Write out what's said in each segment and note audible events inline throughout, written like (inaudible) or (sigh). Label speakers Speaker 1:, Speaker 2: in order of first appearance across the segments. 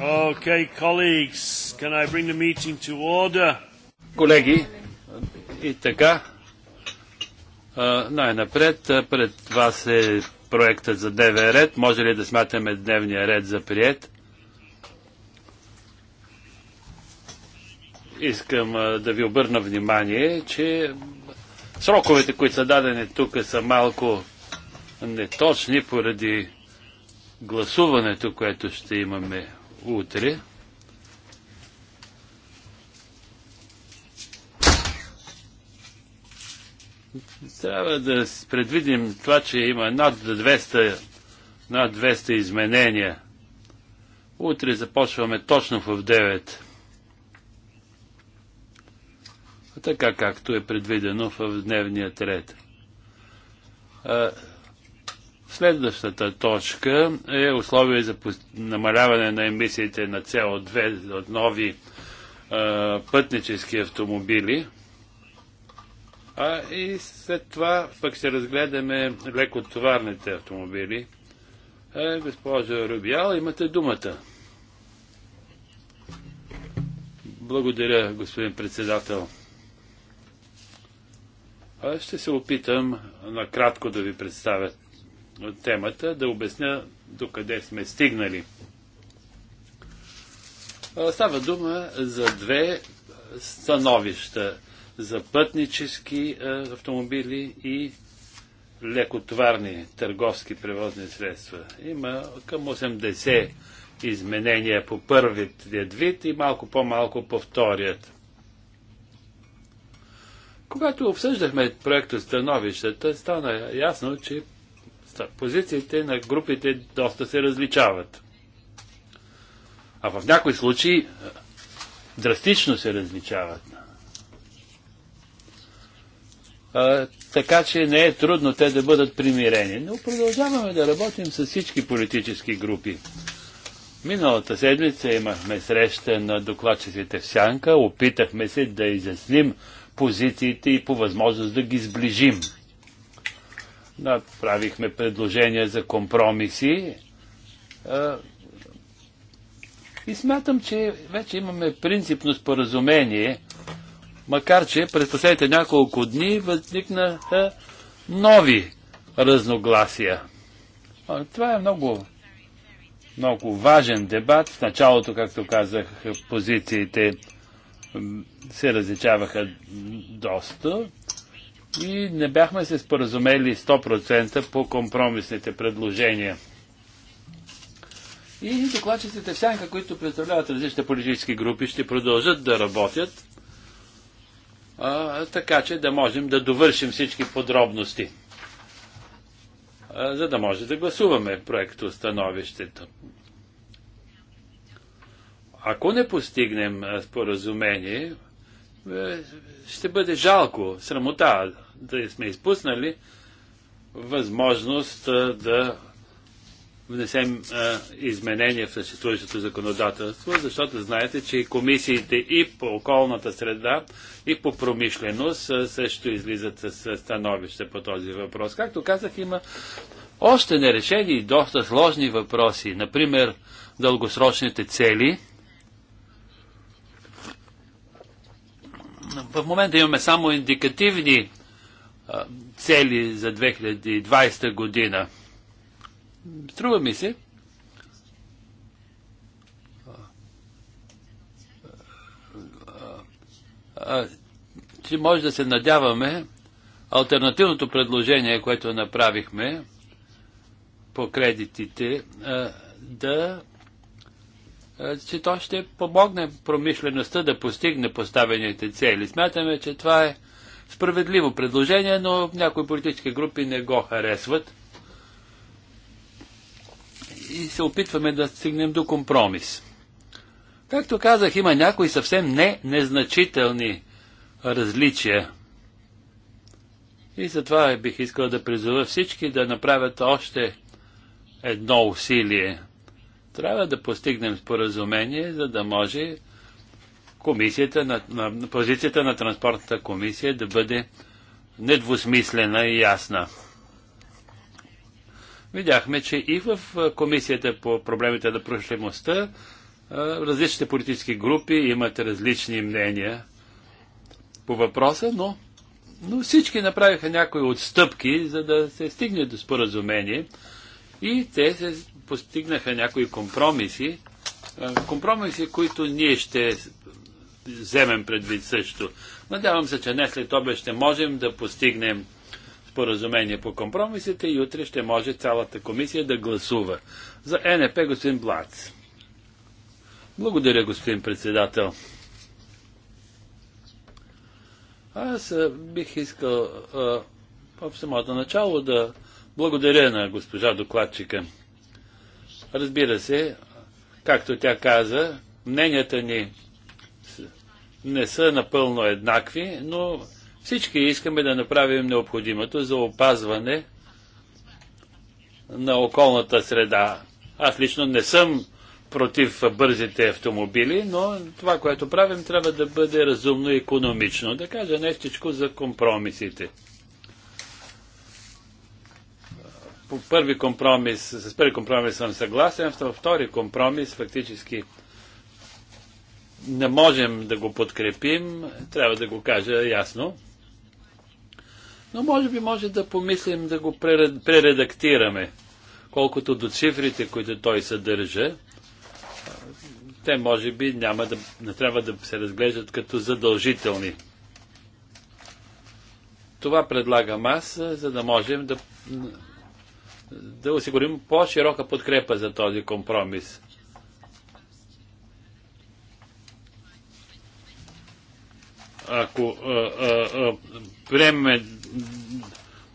Speaker 1: Okay, colleagues, can I bring the meeting to order? Колеги, и така, най-напред, пред вас е проектът за дневен ред. Може ли да смятаме дневния ред за прият? Искам да ви обърна внимание, че сроковете, които са дадени тук, са малко неточни поради гласуването, което ще имаме утре, трябва да предвидим това, че има над 200, над 200 изменения. Утре започваме точно в 9. Така както е предвидено в дневния ред. Следващата точка е условие за намаляване на емисиите на CO2 от нови а, пътнически автомобили. А и след това пък ще разгледаме лекотоварните автомобили. Е, госпожа Рубиал, имате думата. Благодаря, господин председател. Аз ще се опитам накратко да ви представя темата, да обясня докъде сме стигнали. Става дума за две становища за пътнически автомобили и лекотварни търговски превозни средства. Има към 80 изменения по първият вид и малко по-малко по вторият. Когато обсъждахме проекто становищата, стана ясно, че позициите на групите доста се различават. А в някои случаи е, драстично се различават. А, така че не е трудно те да бъдат примирени. Но продължаваме да работим с всички политически групи. Миналата седмица имахме среща на докладчиците в Сянка, опитахме се да изясним позициите и по възможност да ги сближим направихме предложения за компромиси. И смятам, че вече имаме принципно споразумение, макар че през последните няколко дни възникнаха нови разногласия. Това е много, много важен дебат. В началото, както казах, позициите се различаваха доста и не бяхме се споразумели 100% по компромисните предложения. И докладчиците всяка, които представляват различни политически групи, ще продължат да работят, а, така че да можем да довършим всички подробности, а, за да може да гласуваме проекто становището. Ако не постигнем споразумение, е, ще бъде жалко, срамота да сме изпуснали възможност да внесем изменения в съществуващото законодателство, защото знаете, че и комисиите и по околната среда, и по промишленост също излизат с становище по този въпрос. Както казах, има още нерешени и доста сложни въпроси. Например, дългосрочните цели. В момента имаме само индикативни цели за 2020 година. Струва ми се, че може да се надяваме альтернативното предложение, което направихме по кредитите, да че то ще помогне промишлеността да постигне поставените цели. Смятаме, че това е справедливо предложение, но някои политически групи не го харесват. И се опитваме да стигнем до компромис. Както казах, има някои съвсем не незначителни различия. И затова бих искал да призова всички да направят още едно усилие. Трябва да постигнем споразумение, за да може комисията на, на позицията на транспортната комисия да бъде недвусмислена и ясна. Видяхме, че и в комисията по проблемите на прошлемостта различните политически групи имат различни мнения по въпроса, но, но всички направиха някои отстъпки, за да се стигне до споразумение и те се постигнаха някои компромиси, компромиси, които ние ще вземем предвид също. Надявам се, че не след обе ще можем да постигнем споразумение по компромисите и утре ще може цялата комисия да гласува. За НП господин Блац. Благодаря, господин председател. Аз бих искал а, в самото начало да благодаря на госпожа докладчика. Разбира се, както тя каза, мненията ни не са напълно еднакви, но всички искаме да направим необходимото за опазване на околната среда. Аз лично не съм против бързите автомобили, но това, което правим, трябва да бъде разумно и економично. Да кажа нещичко за компромисите. По първи компромис, с първи компромис съм съгласен, втори компромис фактически не можем да го подкрепим, трябва да го кажа ясно. Но може би може да помислим да го прередактираме, колкото до цифрите, които той съдържа. Те може би няма да, не трябва да се разглеждат като задължителни. Това предлагам аз, за да можем да, да осигурим по-широка подкрепа за този компромис. ако приемем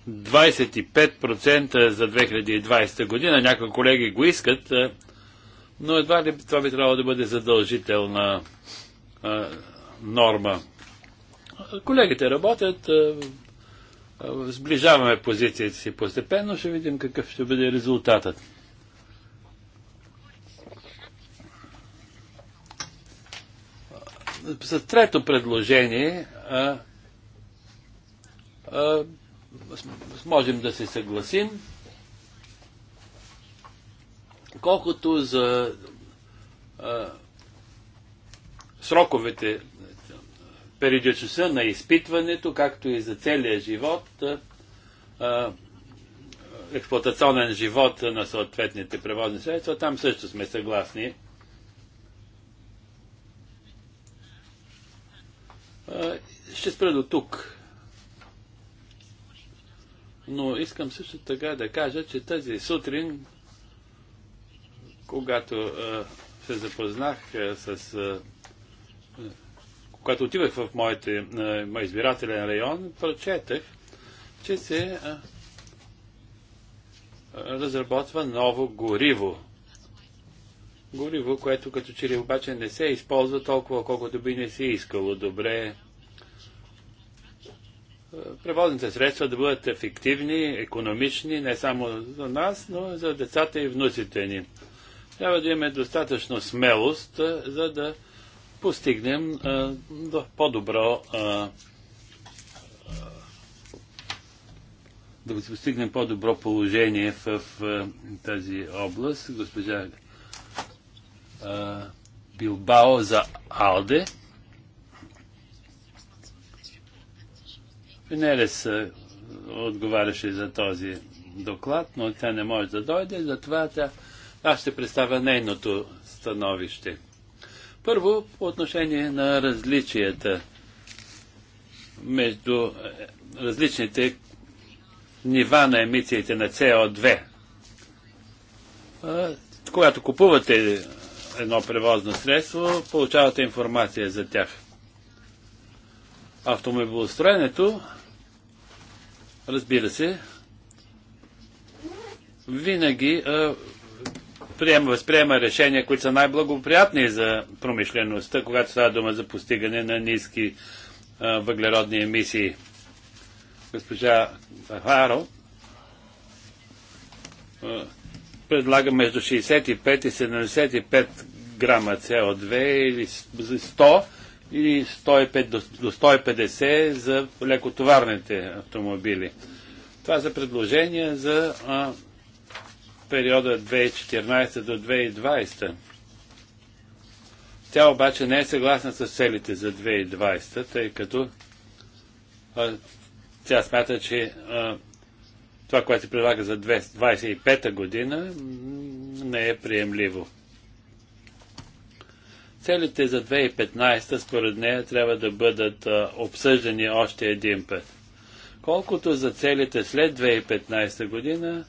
Speaker 1: 25% за 2020 година, някои колеги го искат, но едва ли това би трябвало да бъде задължителна норма. Колегите работят, сближаваме позициите си постепенно, ще видим какъв ще бъде резултатът. с трето предложение а, а, можем да се съгласим. Колкото за а, сроковете, периодичността на изпитването, както и за целия живот, а, експлуатационен живот на съответните превозни средства, там също сме съгласни Ще спра до тук. Но искам също така да кажа, че тази сутрин, когато се запознах с когато отивах в моите, избирателен район, прочетах, че се а, разработва ново гориво гориво, което като че ли обаче не се използва толкова, колкото би не се искало добре. Е, превозните средства да бъдат ефективни, економични, не само за нас, но и за децата и внуците ни. Трябва да имаме достатъчно смелост, е, за да постигнем е, по-добро да постигнем по-добро положение в, в тази област. Госпожа Билбао за Алде. Венерес отговаряше за този доклад, но тя не може да дойде, затова тя, аз ще представя нейното становище. Първо, по отношение на различията между е, различните нива на емисиите на CO2. Когато купувате едно превозно средство, получавате информация за тях. Автомобилостроенето, разбира се, винаги приема, възприема решения, които са най-благоприятни за промишлеността, когато става дума за постигане на ниски а, въглеродни емисии. Госпожа Харо предлага между 65 и 75 грама CO2 или 100 или 105 до 150 за лекотоварните автомобили. Това са предложения за а, периода 2014 до 2020. Тя обаче не е съгласна с целите за 2020, тъй като а, тя смята, че а, това, което се предлага за 2025 година, не е приемливо. Целите за 2015 според нея трябва да бъдат обсъждани още един път. Колкото за целите след 2015 година,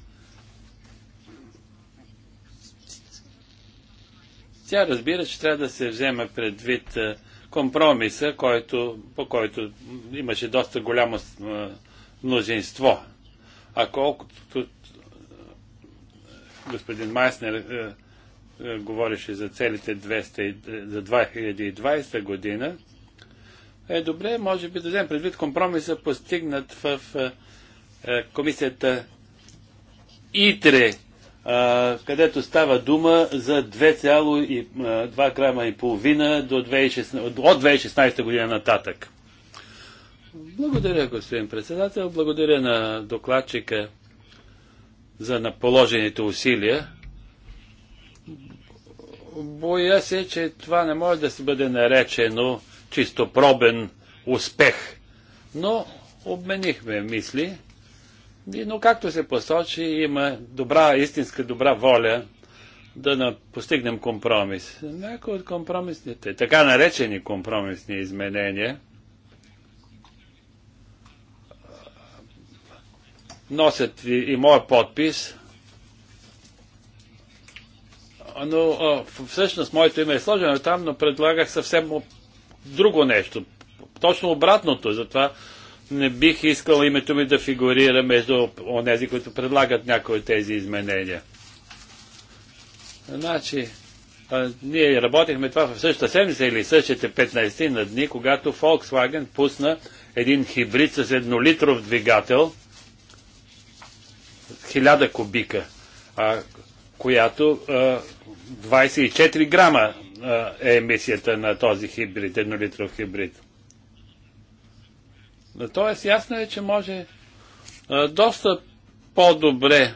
Speaker 1: Тя разбира, че трябва да се вземе предвид компромиса, който, по който имаше доста голямо мнозинство а колкото господин Майснер е, е, говореше за целите 200, за 2020 година, е добре, може би да вземем предвид компромиса постигнат в е, комисията ИТРЕ, където става дума за 2,2 грама и половина до 2016, от 2016 година нататък. Благодаря, господин председател. Благодаря на докладчика за наположените усилия. Боя се, че това не може да се бъде наречено чисто пробен успех. Но обменихме мисли. Но както се посочи, има добра, истинска добра воля да постигнем компромис. Някои от компромисните, така наречени компромисни изменения, носят и, и моя подпис, но а, всъщност моето име е сложено там, но предлагах съвсем друго нещо. Точно обратното, затова не бих искал името ми да фигурира между онези, които предлагат някои от тези изменения. Значи, а, ние работихме това в същата седмица или същите 15 на дни, когато Volkswagen пусна един хибрид с еднолитров двигател – 1000 кубика, а, която а, 24 грама а, е емисията на този хибрид, еднолитров хибрид. Тоест ясно е, че може а, доста по-добре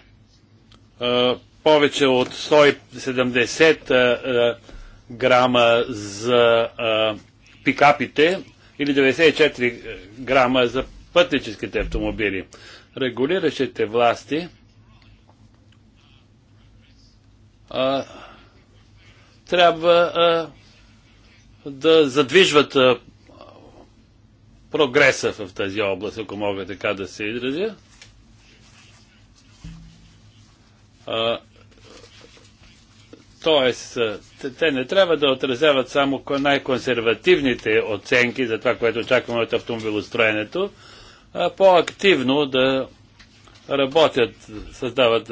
Speaker 1: повече от 170 а, а, грама за а, пикапите или 94 грама за пътническите автомобили. Регулиращите власти а, трябва а, да задвижват а, прогреса в тази област, ако мога така да се изразя. А, Тоест, те не трябва да отразяват само най-консервативните оценки за това, което очакваме от автомобилостроенето, а по-активно да работят, създават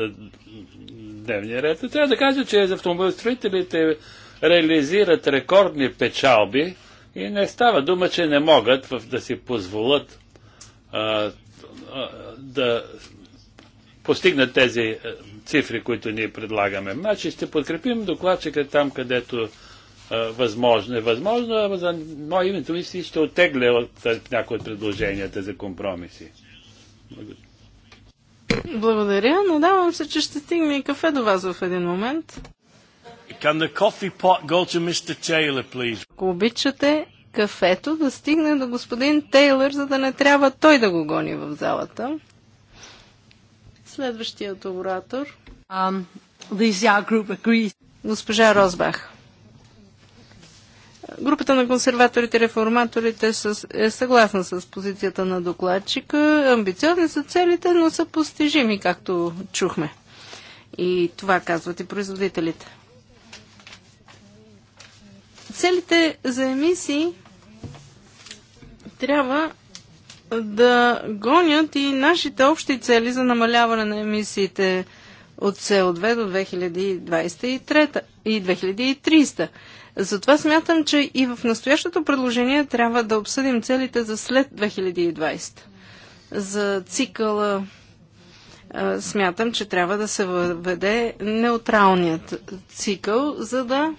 Speaker 1: дневния ред. Трябва да кажа, че автомобилостроителите реализират рекордни печалби и не става дума, че не могат да си позволят а, а, да постигнат тези цифри, които ние предлагаме. Значи ще подкрепим докладчика там, където а, възможно е възможно, а за мое името ми си ще оттегля от някои от предложенията за компромиси. Благодаря.
Speaker 2: Благодаря. Надявам се, че ще стигне и кафе до вас в един момент.
Speaker 1: Can the coffee pot go to Mr. Taylor, please?
Speaker 2: Ако обичате, кафето да стигне до господин Тейлър, за да не трябва той да го гони в залата. Следващият оратор. Um, Госпожа Розбах. Групата на консерваторите и реформаторите е съгласна с позицията на докладчика. Амбициозни са целите, но са постижими, както чухме. И това казват и производителите. Целите за емисии трябва да гонят и нашите общи цели за намаляване на емисиите от СО2 до 2023 и затова смятам, че и в настоящото предложение трябва да обсъдим целите за след 2020. За цикъла смятам, че трябва да се въведе неутралният цикъл, за да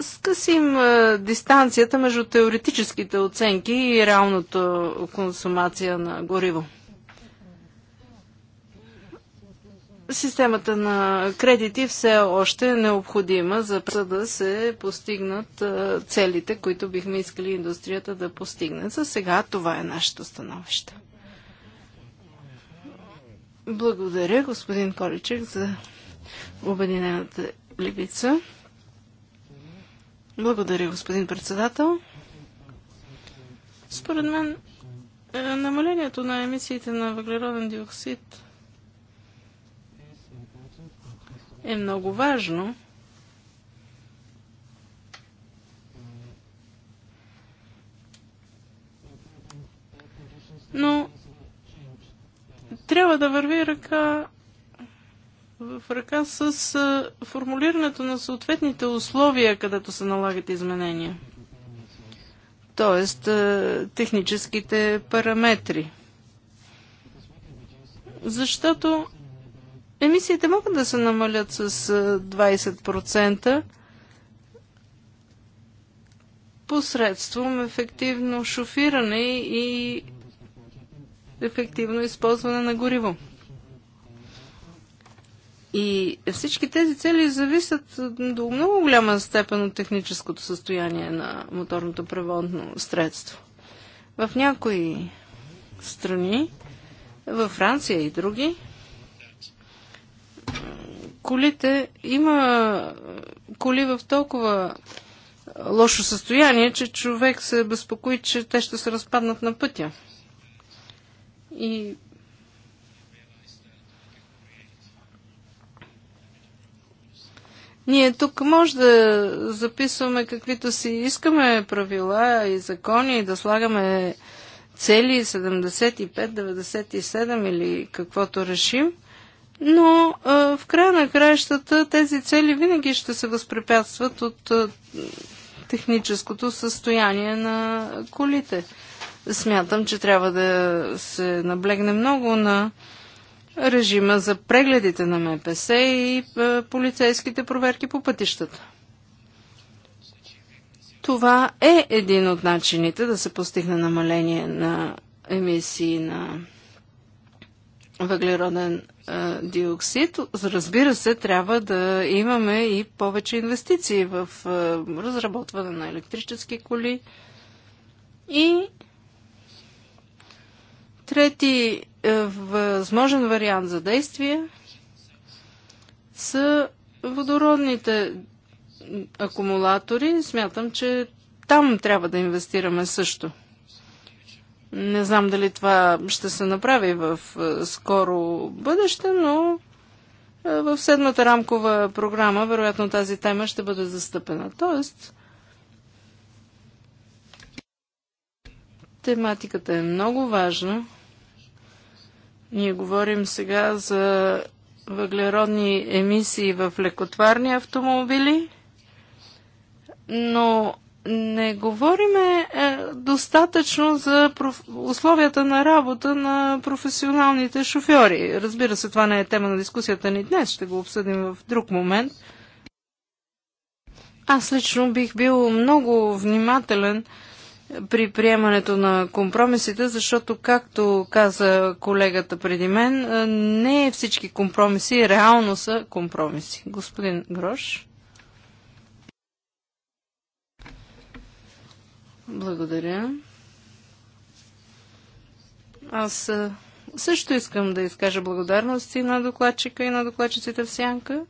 Speaker 2: скъсим дистанцията между теоретическите оценки и реалното консумация на гориво. Системата на кредити все още е необходима, за да се постигнат целите, които бихме искали индустрията да постигне. За сега това е нашето становище. Благодаря, господин Коричек, за Обединената левица. Благодаря, господин председател. Според мен, е, намалението на емисиите на въглероден диоксид е много важно. Но трябва да върви ръка в ръка с формулирането на съответните условия, където се налагат изменения. Тоест, техническите параметри. Защото емисиите могат да се намалят с 20% посредством ефективно шофиране и ефективно използване на гориво. И всички тези цели зависят до много голяма степен от техническото състояние на моторното преводно средство. В някои страни, във Франция и други, колите, има коли в толкова лошо състояние, че човек се безпокои, че те ще се разпаднат на пътя. И Ние тук може да записваме каквито си искаме правила и закони и да слагаме цели 75, 97 или каквото решим но в края на краищата тези цели винаги ще се възпрепятстват от техническото състояние на колите. Смятам, че трябва да се наблегне много на режима за прегледите на МПС и полицейските проверки по пътищата. Това е един от начините да се постигне намаление на емисии на въглероден а, диоксид. Разбира се, трябва да имаме и повече инвестиции в а, разработване на електрически коли. И трети а, възможен вариант за действие са водородните акумулатори. Смятам, че там трябва да инвестираме също. Не знам дали това ще се направи в е, скоро бъдеще, но е, в седмата рамкова програма вероятно тази тема ще бъде застъпена. Тоест, тематиката е много важна. Ние говорим сега за въглеродни емисии в лекотварни автомобили, но не говориме е, достатъчно за проф... условията на работа на професионалните шофьори. Разбира се, това не е тема на дискусията ни днес, ще го обсъдим в друг момент. Аз лично бих бил много внимателен при приемането на компромисите, защото, както каза колегата преди мен, е, не всички компромиси реално са компромиси. Господин Грош. Благодаря. Аз също искам да изкажа благодарности на докладчика и на докладчиците в Сянка.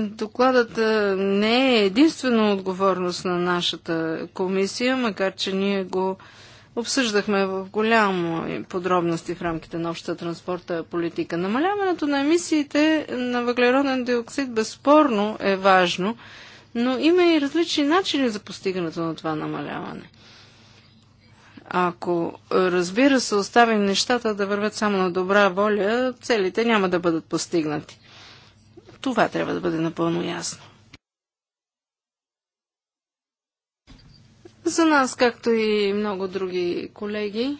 Speaker 2: Докладът не е единствено отговорност на нашата комисия, макар че ние го обсъждахме в голямо подробности в рамките на общата транспорта политика. Намаляването на емисиите на въглероден диоксид безспорно е важно, но има и различни начини за постигането на това намаляване. Ако, разбира се, оставим нещата да вървят само на добра воля, целите няма да бъдат постигнати. Това трябва да бъде напълно ясно. За нас, както и много други колеги,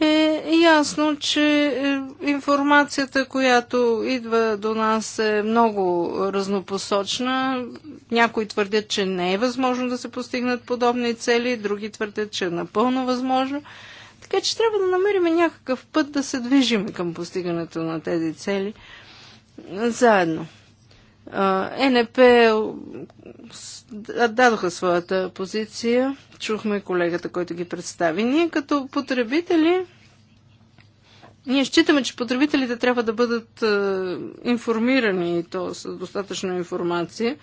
Speaker 2: е ясно, че е, информацията, която идва до нас е много разнопосочна. Някои твърдят, че не е възможно да се постигнат подобни цели, други твърдят, че е напълно възможно. Така че трябва да намерим някакъв път да се движим към постигането на тези цели заедно. ЕНП дадоха своята позиция. Чухме колегата, който ги представи. Ние като потребители, ние считаме, че потребителите трябва да бъдат информирани и то с достатъчно информация,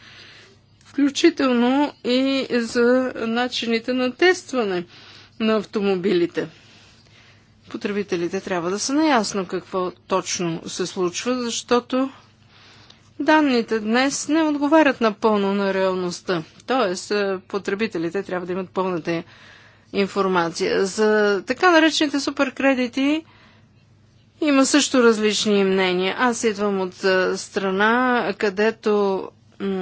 Speaker 2: включително и за начините на тестване на автомобилите потребителите трябва да са наясно какво точно се случва, защото данните днес не отговарят напълно на реалността. Тоест, е, потребителите трябва да имат пълната информация. За така наречените суперкредити има също различни мнения. Аз идвам от е, страна, където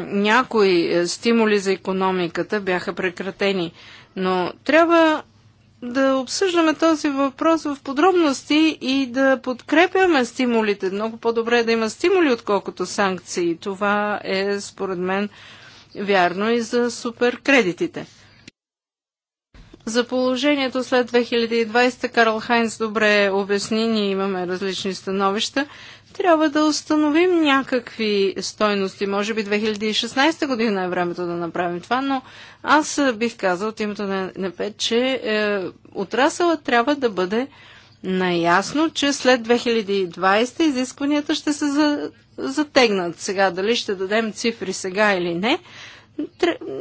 Speaker 2: някои е, стимули за економиката бяха прекратени. Но трябва да обсъждаме този въпрос в подробности и да подкрепяме стимулите. Много по-добре е да има стимули, отколкото санкции. Това е, според мен, вярно и за суперкредитите. За положението след 2020 Карл Хайнц добре обясни, ние имаме различни становища. Трябва да установим някакви стойности. Може би 2016 година е времето да направим това, но аз бих казал от името на НП, че е, отрасъла трябва да бъде наясно, че след 2020 изискванията ще се за, затегнат. Сега дали ще дадем цифри сега или не,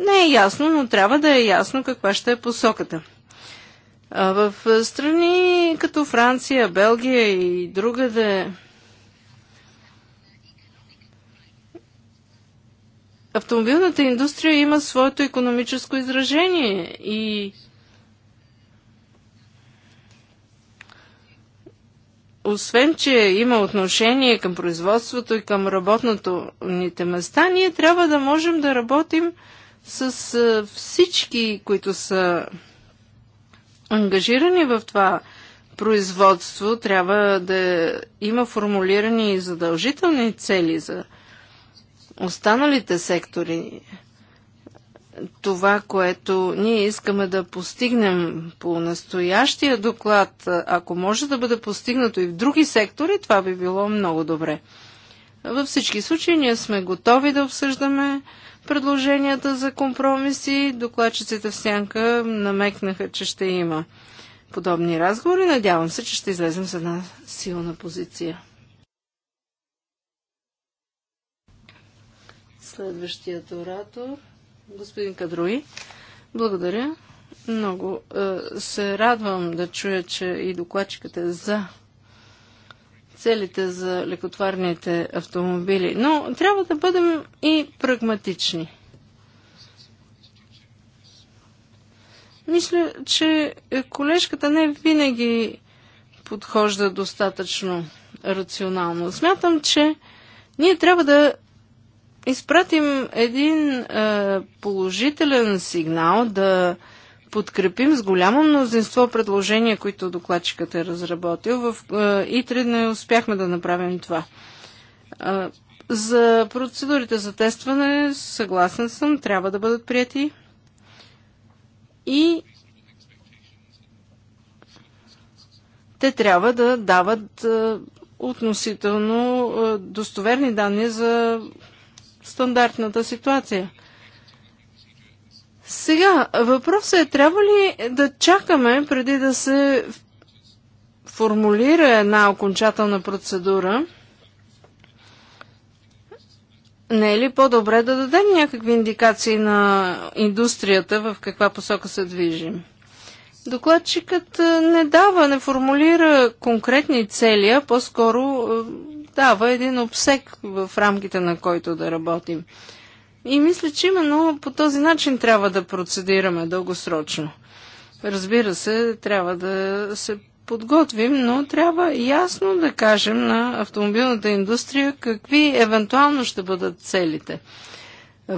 Speaker 2: не е ясно, но трябва да е ясно каква ще е посоката. в е, страни като Франция, Белгия и другаде автомобилната индустрия има своето економическо изражение и освен, че има отношение към производството и към работното ните места, ние трябва да можем да работим с всички, които са ангажирани в това производство. Трябва да има формулирани задължителни цели за останалите сектори, това, което ние искаме да постигнем по настоящия доклад, ако може да бъде постигнато и в други сектори, това би било много добре. Във всички случаи ние сме готови да обсъждаме предложенията за компромиси. Докладчиците в сянка намекнаха, че ще има подобни разговори. Надявам се, че ще излезем с една силна позиция. Следващият оратор, господин Кадруи. Благодаря. Много е, се радвам да чуя, че и докладчиката е за целите за лекотварните автомобили. Но трябва да бъдем и прагматични. Мисля, че колежката не винаги подхожда достатъчно рационално. Смятам, че ние трябва да изпратим един е, положителен сигнал да подкрепим с голямо мнозинство предложения, които докладчикът е разработил. В е, ИТРИ не успяхме да направим това. Е, за процедурите за тестване съгласен съм, трябва да бъдат прияти. И те трябва да дават е, относително е, достоверни данни за стандартната ситуация. Сега, въпросът е, трябва ли да чакаме преди да се формулира една окончателна процедура? Не е ли по-добре да дадем някакви индикации на индустрията в каква посока се движим? Докладчикът е, не дава, не формулира конкретни цели, а по-скоро е, дава един обсек в рамките на който да работим. И мисля, че именно по този начин трябва да процедираме дългосрочно. Разбира се, трябва да се подготвим, но трябва ясно да кажем на автомобилната индустрия какви евентуално ще бъдат целите.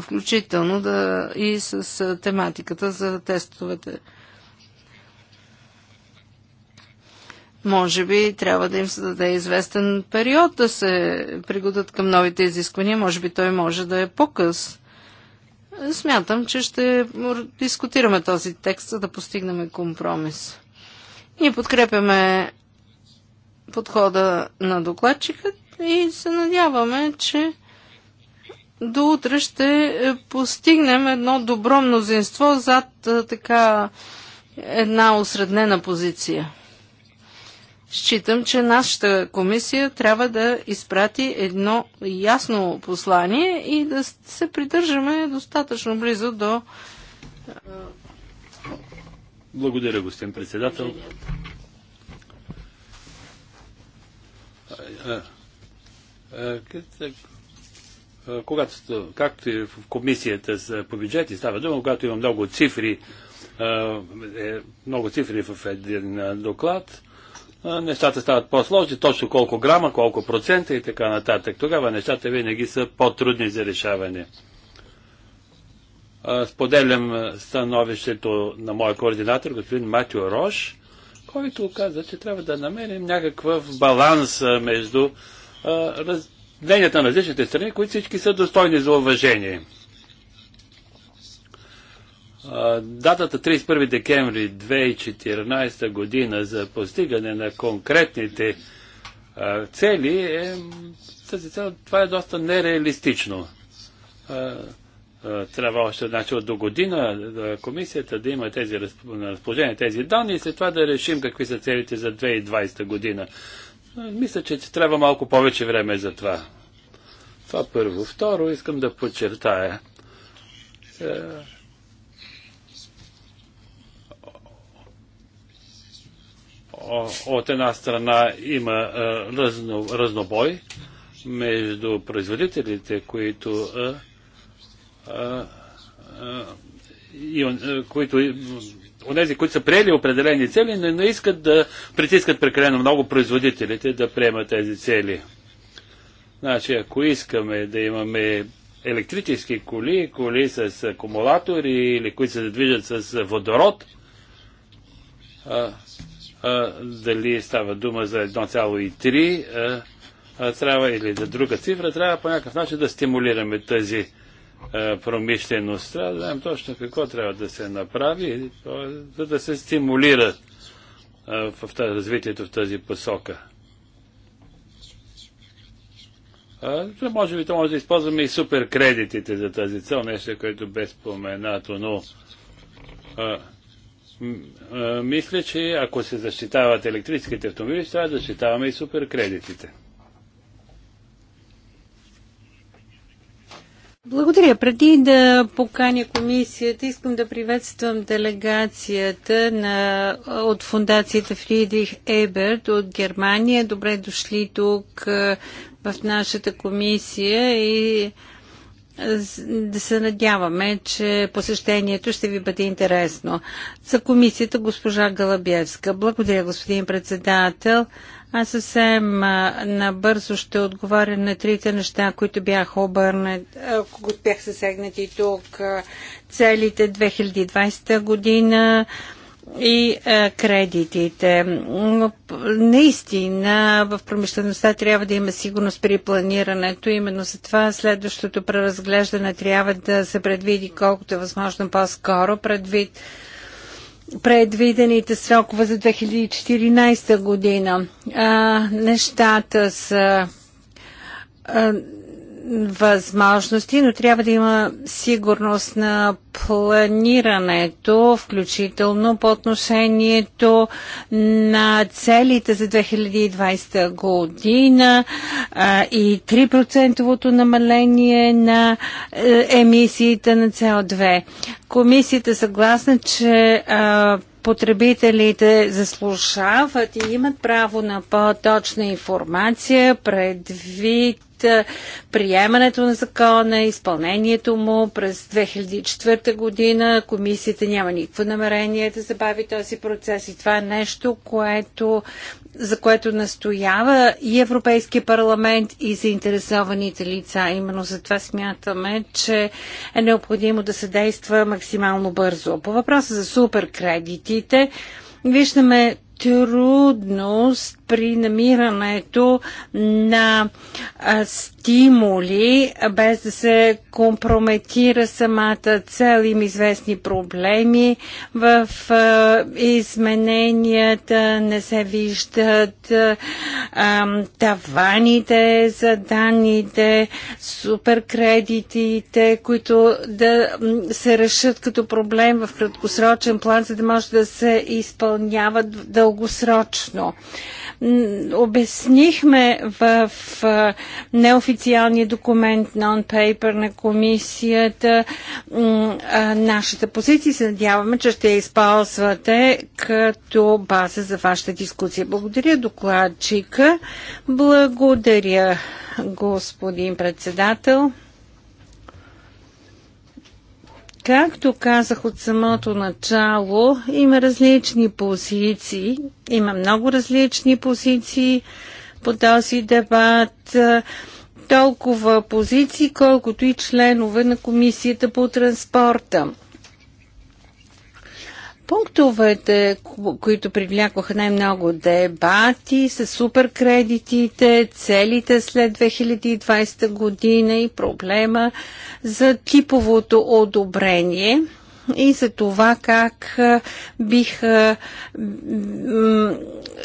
Speaker 2: Включително да и с тематиката за тестовете може би трябва да им се даде известен период да се пригодат към новите изисквания. Може би той може да е по-къс. Смятам, че ще дискутираме този текст, за да постигнем компромис. Ние подкрепяме подхода на докладчика и се надяваме, че до утре ще постигнем едно добро мнозинство зад така една осреднена позиция считам, че нашата комисия трябва да изпрати едно ясно послание и да се придържаме достатъчно близо до. Е,
Speaker 1: Благодаря, господин председател. Когато, както и в комисията по бюджети става дума, когато има много цифри, е, много цифри в един доклад, нещата стават по-сложни, точно колко грама, колко процента и така нататък. Тогава нещата винаги са по-трудни за решаване. Споделям становището на моя координатор, господин Матио Рош, който каза, че трябва да намерим някакъв баланс между мненията на различните страни, които всички са достойни за уважение. Датата 31 декември 2014 година за постигане на конкретните цели е, тази цел, това е доста нереалистично. Трябва още значи, до година комисията да има тези на разположение тези данни и след това да решим какви са целите за 2020 година. Мисля, че трябва малко повече време за това. Това първо. Второ, искам да подчертая е, от една страна има е, разно, разнобой между производителите, които, е, е, които онези, които са приели определени цели, но не искат да притискат прекалено много производителите да приемат тези цели. Значи, ако искаме да имаме електрически коли, коли с акумулатори или които се движат с водород, дали става дума за 1,3 трябва или за друга цифра, трябва по някакъв начин да стимулираме тази промишленост. Трябва да знаем точно какво трябва да се направи, е, за да се стимулира в тази, развитието в тази посока. А, може би то може да използваме и суперкредитите за тази цел, нещо, което бе споменато, но а, мисля, че ако се защитават електрическите автомобили, трябва да защитаваме и суперкредитите.
Speaker 3: Благодаря. Преди да поканя комисията, искам да приветствам делегацията на, от фундацията Фридрих Еберт от Германия. Добре дошли тук в нашата комисия и да се надяваме, че посещението ще ви бъде интересно. За комисията госпожа Галабевска. Благодаря, господин председател. Аз съвсем набързо ще отговоря на трите неща, които бяха обърнати, които бях съсегнати тук. Целите 2020 година, и а, е, кредитите. Наистина в промишлеността трябва да има сигурност при планирането. Именно за това следващото преразглеждане трябва да се предвиди колкото е възможно по-скоро предвид предвидените срокове за 2014 година. А, нещата са а, възможности, но трябва да има сигурност на планирането, включително по отношението на целите за 2020 година и 3 намаление на е, емисиите на СО2. Комисията съгласна, че потребителите заслужават и имат право на по-точна информация предвид приемането на закона, изпълнението му през 2004 година. Комисията няма никакво намерение да забави този процес и това е нещо, което, за което настоява и Европейския парламент и заинтересованите лица. Именно за това смятаме, че е необходимо да се действа максимално бързо. По въпроса за суперкредитите, виждаме трудност при намирането на стимули, без да се компрометира самата цел. Им известни проблеми в измененията, не се виждат таваните за данните, суперкредитите, които да се решат като проблем в краткосрочен план, за да може да се изпълняват дългосрочно. Обяснихме в неофициалния документ non-paper на комисията нашата позиция се надяваме, че ще я използвате като база за вашата дискусия. Благодаря докладчика. Благодаря господин председател. Както казах от самото начало, има различни позиции, има много различни позиции по този дебат, толкова позиции, колкото и членове на Комисията по транспорта. Пунктовете, които привлякоха най-много дебати са суперкредитите, целите след 2020 година и проблема за типовото одобрение – и за това как биха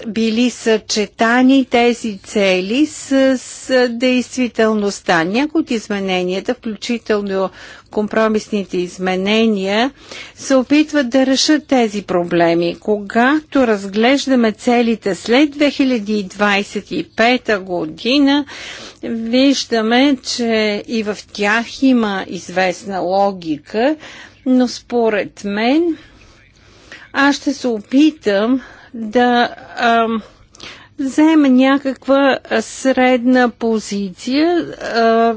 Speaker 3: били съчетани тези цели с действителността. Някои от измененията, включително компромисните изменения, се опитват да решат тези проблеми. Когато разглеждаме целите след 2025 година, виждаме, че и в тях има известна логика, но според мен аз ще се опитам да ам, взема някаква средна позиция а,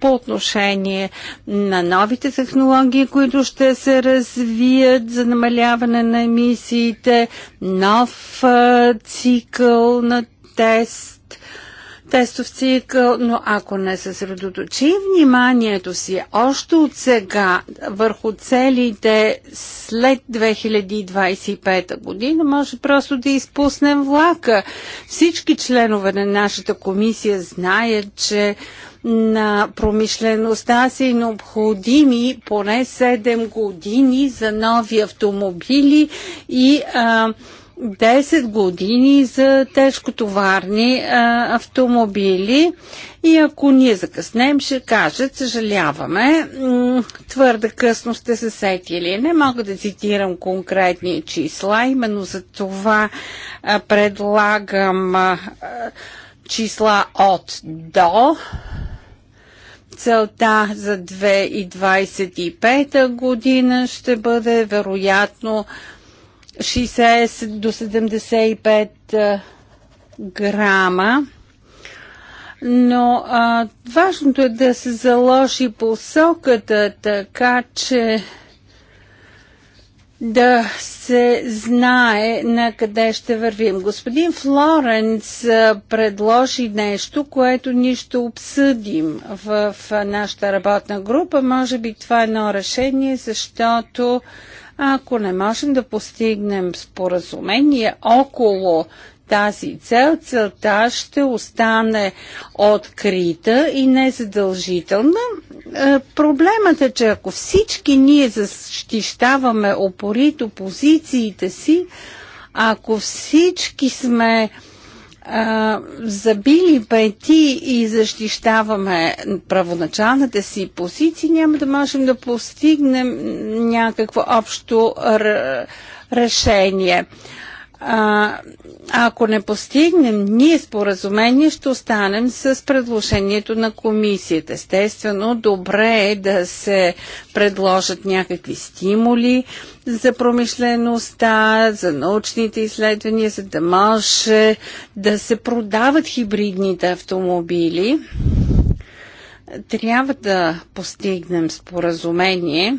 Speaker 3: по отношение на новите технологии, които ще се развият за намаляване на емисиите, нов а, цикъл на тест тестов цикъл, но ако не съсредоточи вниманието си още от сега върху целите след 2025 година, може просто да изпуснем влака. Всички членове на нашата комисия знаят, че на промишлеността са и необходими поне 7 години за нови автомобили и а, 10 години за тежкотоварни а, автомобили и ако ние закъснем, ще кажат, съжаляваме, твърде късно сте се сетили. Не мога да цитирам конкретни числа, именно за това а, предлагам а, числа от до целта за 2025 година ще бъде вероятно 60 до 75 грама. Но а, важното е да се заложи посоката, така че да се знае на къде ще вървим. Господин Флоренц предложи нещо, което ние ще обсъдим в нашата работна група. Може би това е едно решение, защото ако не можем да постигнем споразумение около тази цел, целта ще остане открита и незадължителна. Е, проблемът е, че ако всички ние защищаваме опорито позициите си, ако всички сме а, забили пети и защищаваме правоначалната си позиция, няма да можем да постигнем някакво общо решение а, ако не постигнем ние споразумение, ще останем с предложението на комисията. Естествено, добре е да се предложат някакви стимули за промишлеността, за научните изследвания, за да може да се продават хибридните автомобили. Трябва да постигнем споразумение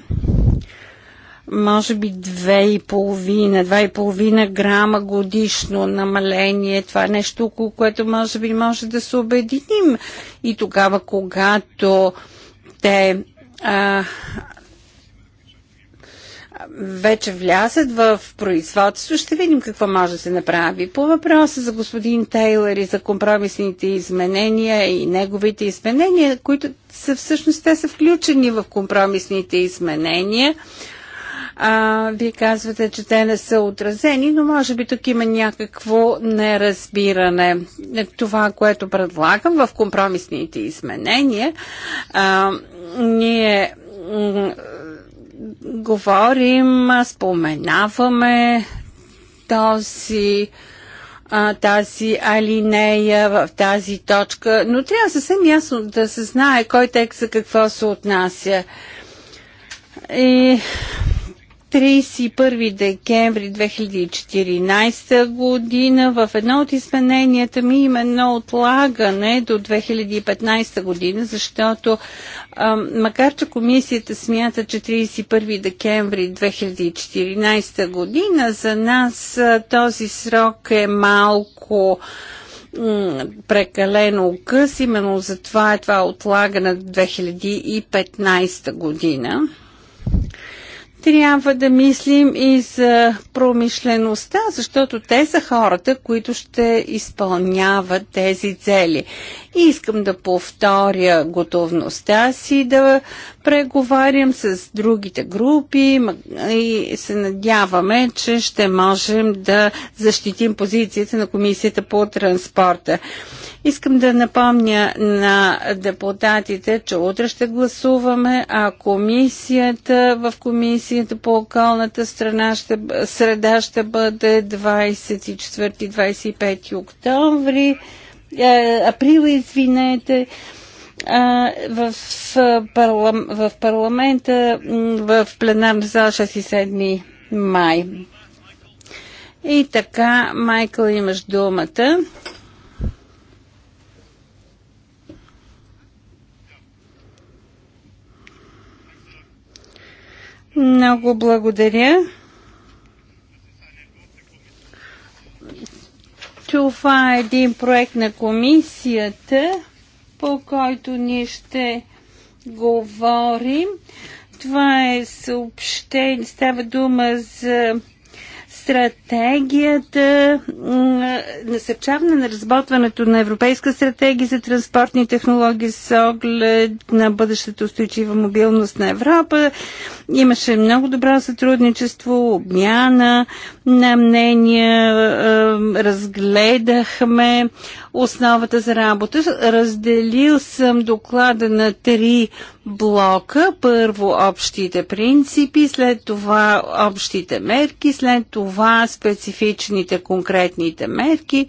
Speaker 3: може би 2,5-2,5 грама годишно намаление. Това е нещо, около което може би може да се обединим. И тогава, когато те а, вече влязат в производство, ще видим какво може да се направи. По въпроса за господин Тейлър и за компромисните изменения и неговите изменения, които са всъщност те са включени в компромисните изменения, а, вие казвате, че те не са отразени, но може би тук има някакво неразбиране. Това, което предлагам в компромисните изменения, а, ние говорим, споменаваме този тази алинея, в тази точка, но трябва съвсем ясно да се знае кой текст за какво се отнася. И 31 декември 2014 година. В едно от измененията ми има едно отлагане до 2015 година, защото а, макар, че комисията смята, че 31 декември 2014 година, за нас а, този срок е малко прекалено къс, именно за това е това отлагане до 2015 година трябва да мислим и за промишлеността, защото те са хората, които ще изпълняват тези цели. И искам да повторя готовността си да преговарям с другите групи и се надяваме, че ще можем да защитим позицията на Комисията по транспорта. Искам да напомня на депутатите, че утре ще гласуваме, а комисията в комисията по околната страна ще, среда ще бъде 24-25 октомври, е, април, извинете в, парлам, в парламента в пленарна зала 6 и 7 май. И така, Майкъл, имаш думата. Много благодаря. Това е един проект на комисията по който ние ще говорим. Това е съобщение, става дума за стратегията, насърчаване на разработването на Европейска стратегия за транспортни технологии с оглед на бъдещата устойчива мобилност на Европа. Имаше много добро сътрудничество, обмяна на мнения, разгледахме основата за работа. Разделил съм доклада на три блока. Първо общите принципи, след това общите мерки, след това специфичните конкретните мерки.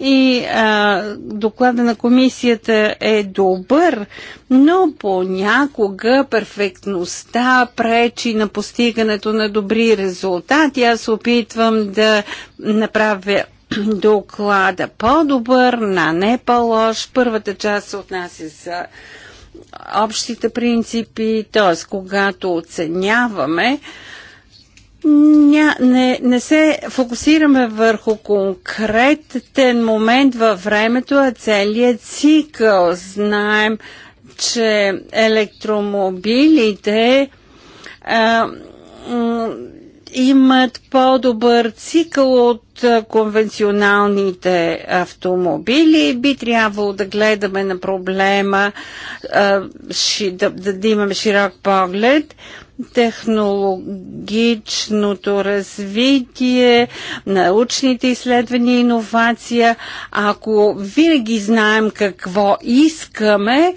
Speaker 3: И а, доклада на комисията е добър, но понякога перфектността пречи на постигането на добри резултати. Аз опитвам да направя (clears throat) доклада по-добър, на не по-лош. Първата част се отнася за общите принципи, т.е. когато оценяваме, Ня, не, не се фокусираме върху конкретен момент във времето, а целият цикъл. Знаем, че електромобилите а, имат по-добър цикъл от конвенционалните автомобили. Би трябвало да гледаме на проблема, да, имаме широк поглед технологичното развитие, научните изследвания и иновация. Ако винаги знаем какво искаме,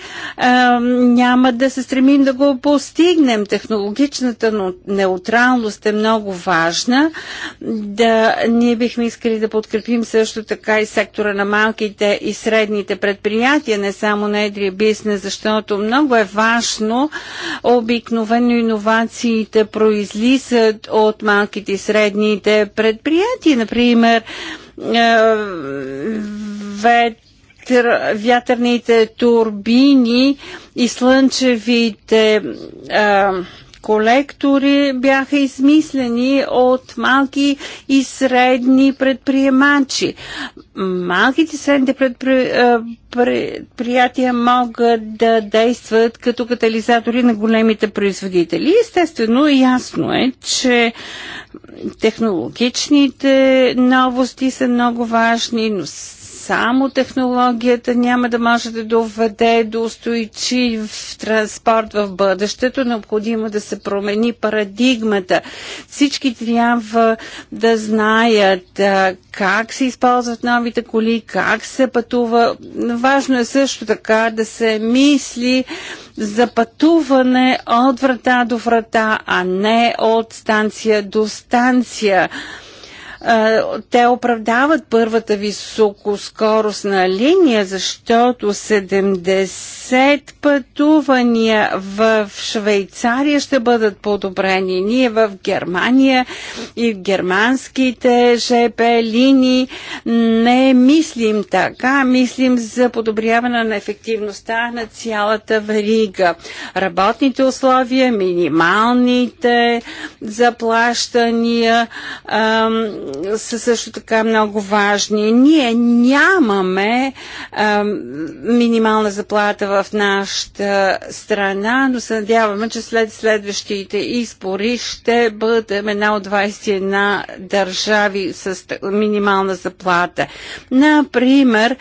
Speaker 3: няма да се стремим да го постигнем. Технологичната неутралност е много важна. Да, ние бихме искали да подкрепим също така и сектора на малките и средните предприятия, не само на едрия бизнес, защото много е важно обикновено иновация иновациите произлизат от малките и средните предприятия. Например, е, ветр, вятърните турбини и слънчевите а, е, колектори бяха измислени от малки и средни предприемачи. Малките и средни предпри... предприятия могат да действат като катализатори на големите производители. Естествено, ясно е, че технологичните новости са много важни, но само технологията няма да може да доведе до устойчив транспорт в бъдещето. Необходимо да се промени парадигмата. Всички трябва да знаят как се използват новите коли, как се пътува. Важно е също така да се мисли за пътуване от врата до врата, а не от станция до станция те оправдават първата високоскоростна линия, защото 70 пътувания в Швейцария ще бъдат подобрени. Ние в Германия и в германските ЖП линии не мислим така, мислим за подобряване на ефективността на цялата верига. Работните условия, минималните заплащания, са също така много важни. Ние нямаме а, минимална заплата в нашата страна, но се надяваме, че след следващите избори ще бъдем една от 21 държави с минимална заплата. Например,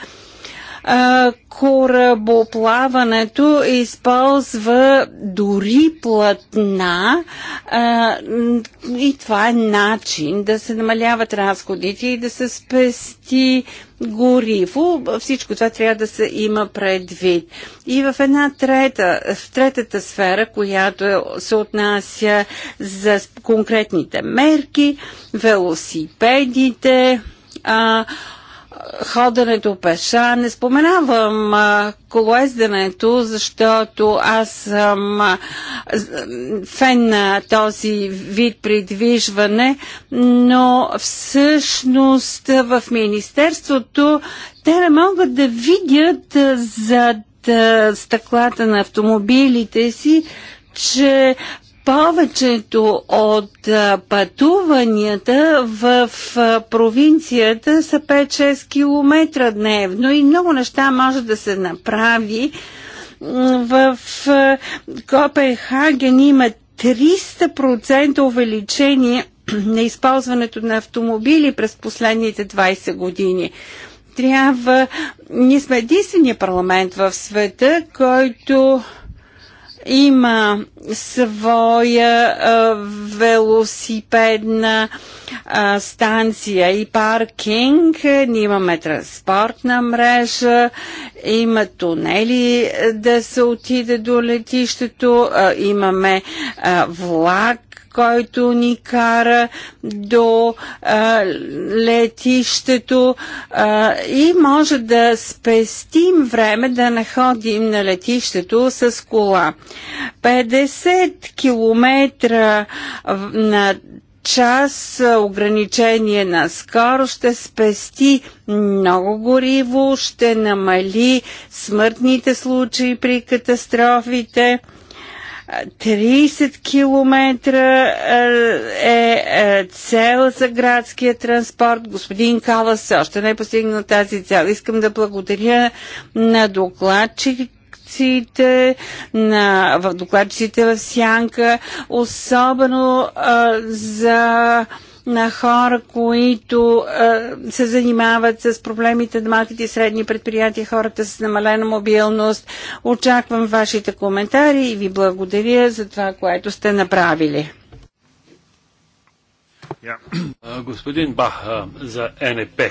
Speaker 3: корабоплаването използва дори платна а, и това е начин да се намаляват разходите и да се спести гориво. Всичко това трябва да се има предвид. И в една трета, в третата сфера, която е, се отнася за конкретните мерки, велосипедите, а, ходенето пеша. Не споменавам а, колоезденето, защото аз съм фен на този вид придвижване, но всъщност в Министерството те не могат да видят зад стъклата на автомобилите си, че повечето от пътуванията в провинцията са 5-6 км дневно и много неща може да се направи. В Копенхаген има 300% увеличение (clears throat) на използването на автомобили през последните 20 години трябва. Ние сме единствения парламент в света, който има своя а, велосипедна а, станция и паркинг, ние имаме транспортна мрежа, има тунели да се отиде до летището, а, имаме а, влак, който ни кара до а, летището а, и може да спестим време да не ходим на летището с кола. 50 км на час ограничение на скоро ще спести много гориво, ще намали смъртните случаи при катастрофите. 30 км е, е, е цел за градския транспорт. Господин Калас още не е постигнал тази цел. Искам да благодаря на докладчик докладчиците, на, в докладчиците в Сянка, особено а, за на хора, които е, се занимават с проблемите на малките и средни предприятия, хората с намалена мобилност. Очаквам вашите коментари и ви благодаря за това, което сте направили.
Speaker 1: Yeah. Господин Бах за НП.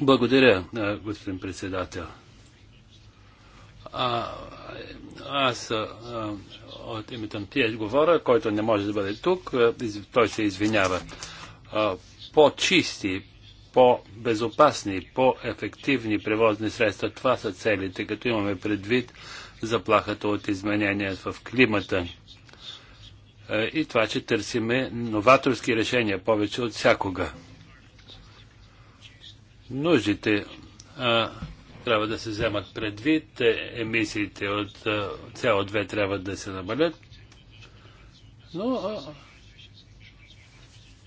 Speaker 1: Благодаря, господин председател. Аз а, от името на Пиеш говоря, който не може да бъде тук, той се извинява. По-чисти, по-безопасни, по-ефективни превозни средства, това са целите, като имаме предвид заплахата от изменения в климата и това, че търсиме новаторски решения повече от всякога. Нуждите а, трябва да се вземат предвид, е, емисиите от CO2 е, трябва да се намалят, но е,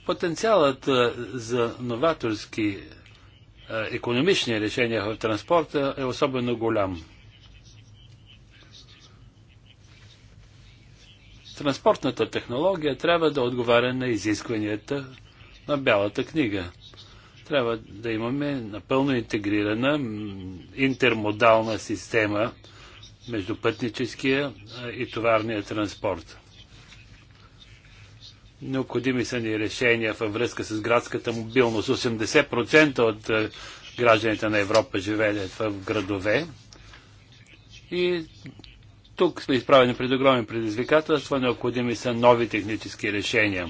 Speaker 1: потенциалът за новаторски економични решения в транспорта е особено голям. Транспортната технология трябва да отговаря на изискванията на Бялата книга – трябва да имаме напълно интегрирана интермодална система между пътническия и товарния транспорт. Необходими са ни решения във връзка с градската мобилност. 80% от гражданите на Европа живеят в градове. И тук сме изправени пред огромни предизвикателства, необходими са нови технически решения.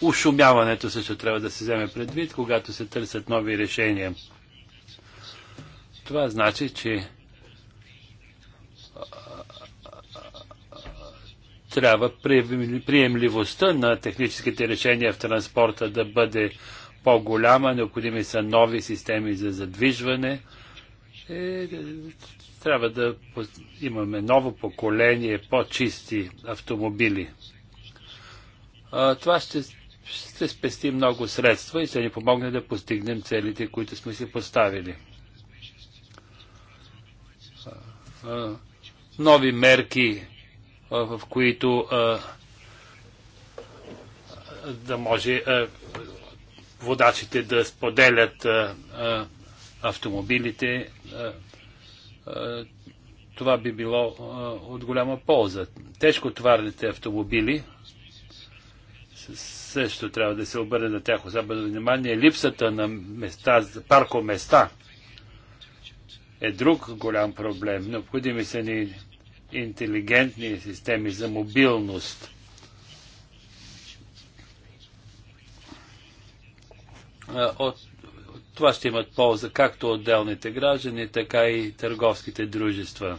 Speaker 1: Ушумяването също трябва да се вземе предвид, когато се търсят нови решения. Това значи, че трябва приемливостта на техническите решения в транспорта да бъде по-голяма, необходими са нови системи за задвижване. И е, трябва да имаме ново поколение, по-чисти автомобили. това ще ще спести много средства и ще ни помогне да постигнем целите, които сме си поставили. Нови мерки, в които да може водачите да споделят автомобилите, това би било от голяма полза. Тежко товарните автомобили с също трябва да се обърне на тях особено внимание. Липсата на места, паркоместа е друг голям проблем. Необходими са ни интелигентни системи за мобилност. От, от това ще имат полза както отделните граждани, така и търговските дружества.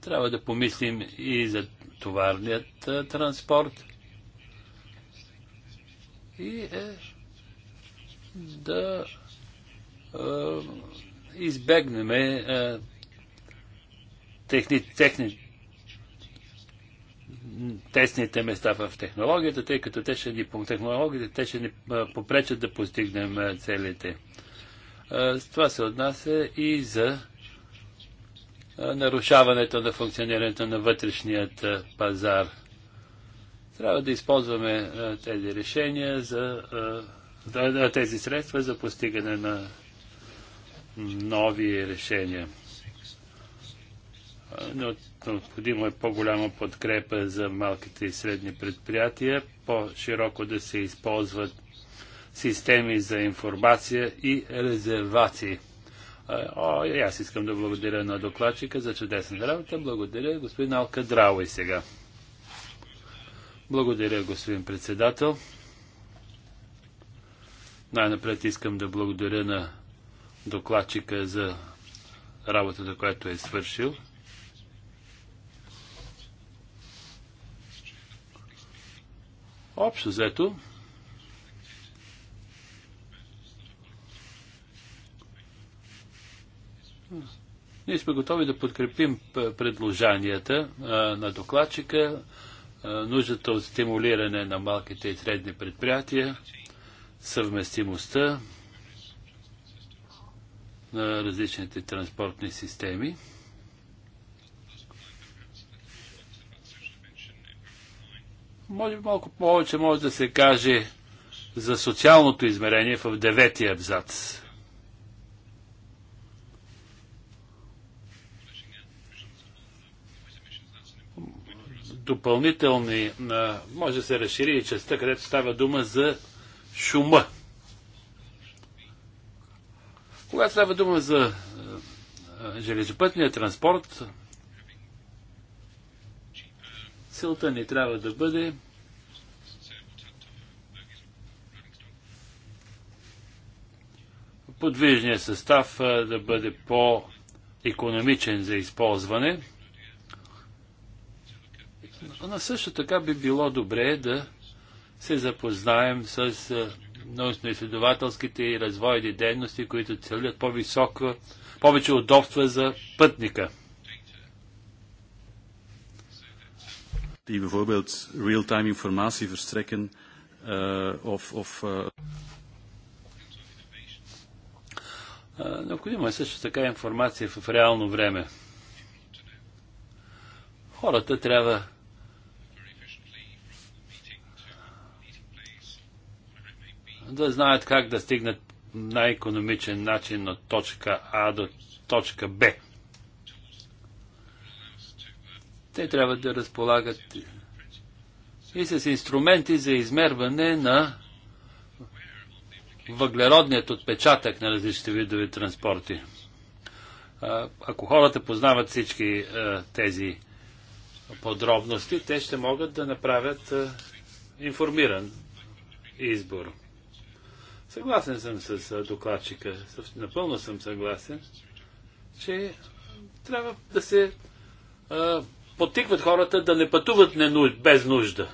Speaker 1: Трябва да помислим и за товарният е, транспорт и е, да е, избегнем е, техни, техни, тесните места в технологията, тъй като те ще ни, технологията те ще ни е, попречат да постигнем е, целите. Е, това се отнася и за нарушаването на функционирането на вътрешният пазар. Трябва да използваме тези решения за тези средства за постигане на нови решения. Но необходимо е по-голяма подкрепа за малките и средни предприятия, по-широко да се използват системи за информация и резервации. О, и аз искам да благодаря на докладчика за чудесна работа. Благодаря господин Алка Драуи сега. Благодаря, господин председател. Най-напред искам да благодаря на докладчика за работата, която е свършил. Общо взето, Ние сме готови да подкрепим предложенията на докладчика, нуждата от стимулиране на малките и средни предприятия, съвместимостта на различните транспортни системи. Може малко повече може да се каже за социалното измерение в деветия абзац. допълнителни, може да се разшири и частта, където става дума за шума. Когато става дума за железопътния транспорт, целта ни трябва да бъде подвижният състав да бъде по-економичен за използване – но също така би било добре да се запознаем с научно-изследователските и развойни дейности, които целят по-високо, повече удобства за пътника. Die bijvoorbeeld real-time informatie verstrekken uh, of, of uh, Необходима е също така информация в реално време. Хората трябва да знаят как да стигнат на економичен начин от точка А до точка Б. Те трябва да разполагат и с инструменти за измерване на въглеродният отпечатък на различните видове транспорти. Ако хората познават всички тези подробности, те ще могат да направят информиран избор. Съгласен съм с докладчика, напълно съм съгласен, че трябва да се потикват хората да не пътуват без нужда.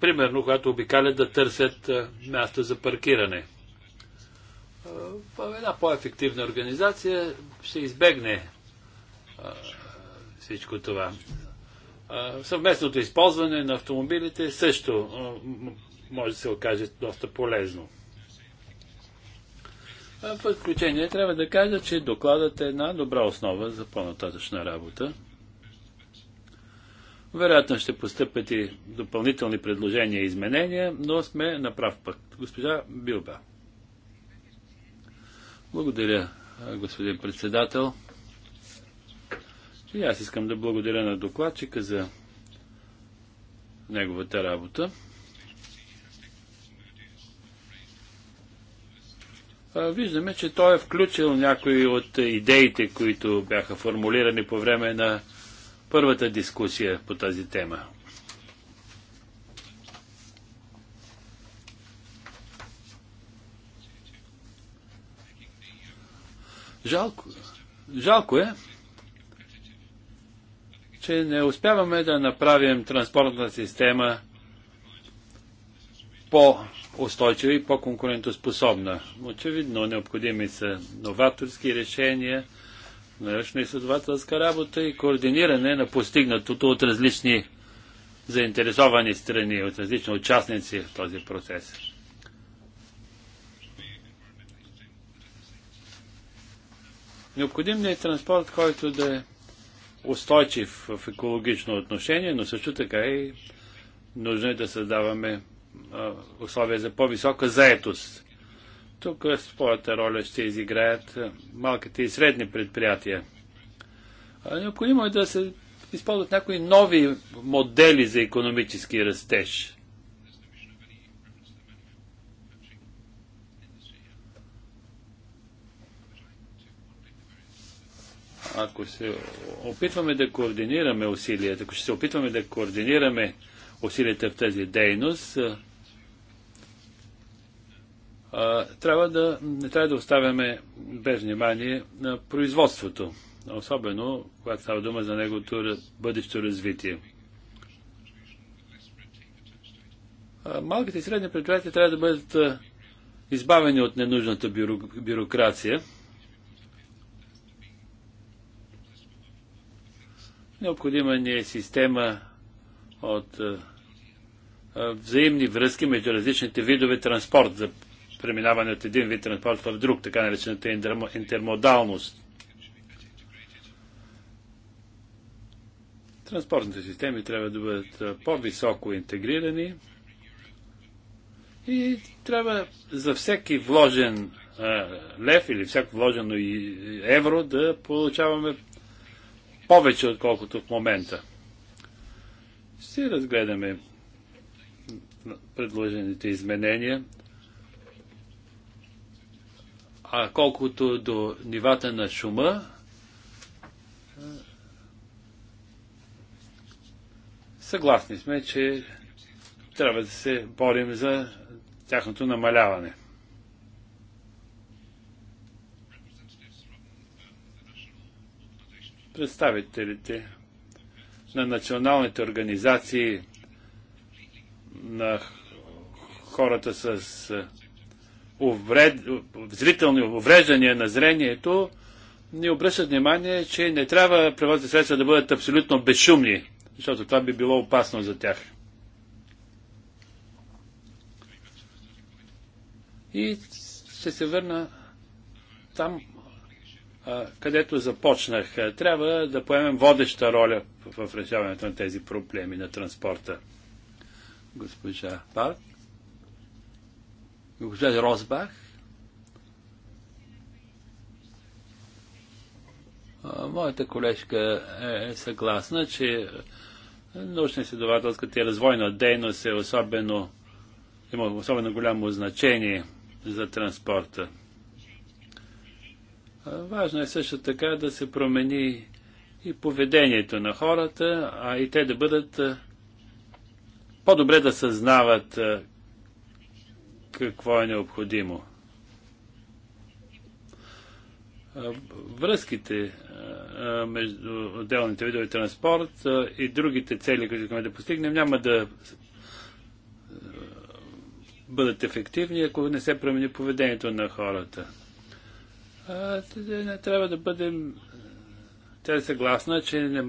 Speaker 1: примерно, когато обикалят да търсят място за паркиране. В една по-ефективна организация ще избегне всичко това. съвместното използване на автомобилите също може да се окаже доста полезно. В изключение трябва да кажа, че докладът е една добра основа за по-нататъчна работа. Вероятно ще постъпят и допълнителни предложения и изменения, но сме на прав път. Госпожа Билба. Благодаря, господин председател. И аз искам да благодаря на докладчика за неговата работа. виждаме, че той е включил някои от идеите, които бяха формулирани по време на първата дискусия по тази тема. Жалко, жалко е, че не успяваме да направим транспортна система по-устойчива и по-конкурентоспособна. Очевидно, необходими са новаторски решения, научно-изследователска работа и координиране на постигнатото от различни заинтересовани страни, от различни участници в този процес. Необходим ли е транспорт, който да е устойчив в екологично отношение, но също така и нужно е да създаваме условия за по-висока заетост. Тук своята роля ще изиграят малките и средни предприятия. Необходимо е да се използват някои нови модели за економически растеж. Ако се опитваме да координираме усилията, ако ще се опитваме да координираме усилията в тази дейност, трябва да, не трябва да оставяме без внимание на производството, особено когато става дума за неговото бъдещо развитие. Малките и средни предприятия трябва да бъдат избавени от ненужната бюро, бюрокрация. Необходима ни е система от е, е, взаимни връзки между различните видове транспорт за преминаване от един вид транспорт в друг, така наречената интермодалност. Транспортните системи трябва да бъдат е, по-високо интегрирани и трябва за всеки вложен лев или всяко вложено евро да получаваме повече, отколкото в момента. Ще разгледаме предложените изменения. А колкото до нивата на шума, съгласни сме, че трябва да се борим за тяхното намаляване. Представителите на националните организации на хората с е, увред, зрителни увреждания на зрението, ни обръщат внимание, че не трябва превозни средства да бъдат абсолютно безшумни, защото това би било опасно за тях. И ще се върна там, където започнах. Трябва да поемем водеща роля в решаването на тези проблеми на транспорта. Госпожа Парк. Госпожа Розбах, Моята колежка е, е съгласна, че научно-изследователската и развойна дейност е особено, има особено голямо значение за транспорта. Важно е също така да се промени и поведението на хората, а и те да бъдат по-добре да съзнават какво е необходимо. Връзките между отделните видове транспорт и другите цели, които искаме да постигнем, няма да бъдат ефективни, ако не се промени поведението на хората трябва да бъдем. Тя е съгласна, че не,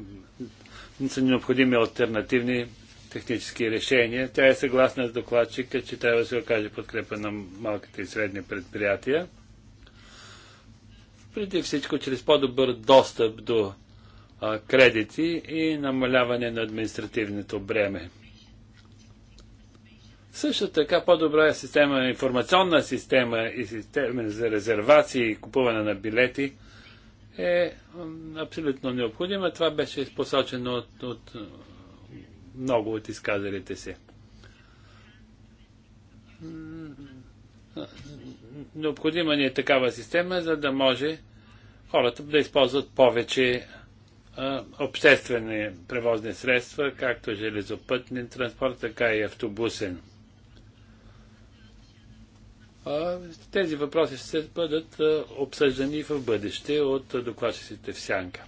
Speaker 1: не са необходими альтернативни технически решения. Тя е съгласна с докладчика, че трябва да се окаже подкрепа на малките и средни предприятия. Преди всичко, чрез по-добър достъп до а, кредити и намаляване на административното бреме. Също така по-добра е система, информационна система и система за резервации и купуване на билети е абсолютно необходима. Това беше посочено от, от много от изказалите се. Необходима ни е такава система, за да може хората да използват повече обществени превозни средства, както железопътни транспорт, така и автобусен. Тези въпроси ще бъдат обсъждани в бъдеще от докладчиците в Сянка.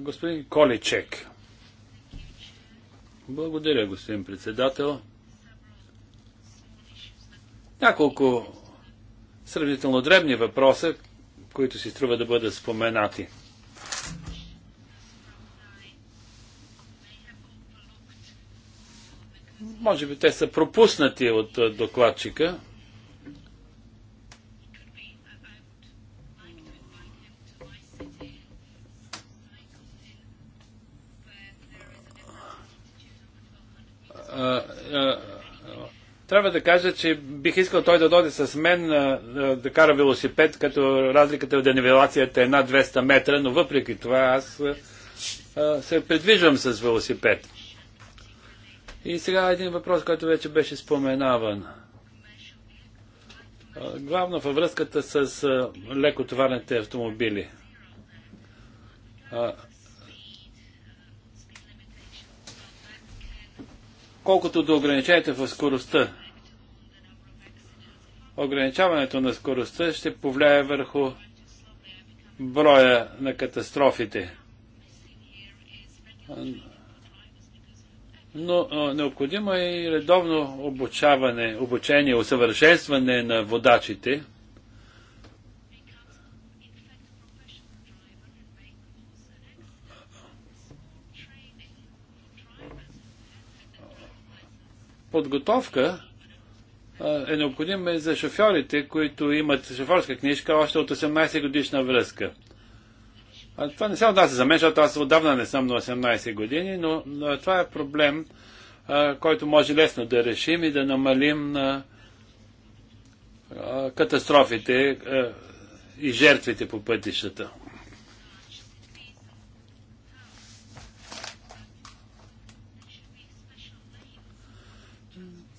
Speaker 1: Господин Количек. Благодаря, господин председател. Няколко сравнително дребни въпроса, които си струва да бъдат споменати. Може би те са пропуснати от докладчика. Трябва да кажа, че бих искал той да дойде с мен да кара велосипед, като разликата в е, денивелацията е над 200 метра, но въпреки това аз се предвиждам с велосипед. И сега един въпрос, който вече беше споменаван. Главно във връзката с лекотоварните автомобили. Колкото до ограничението в скоростта, ограничаването на скоростта ще повлияе върху броя на катастрофите но а, необходимо е и редовно обучаване, обучение, усъвършенстване на водачите. Подготовка а, е необходима и за шофьорите, които имат шофьорска книжка още от 18 годишна връзка а, това не се отнася за мен, защото аз отдавна не съм на 18 години, но, това е проблем, а, който може лесно да решим и да намалим а, катастрофите а, и жертвите по пътищата.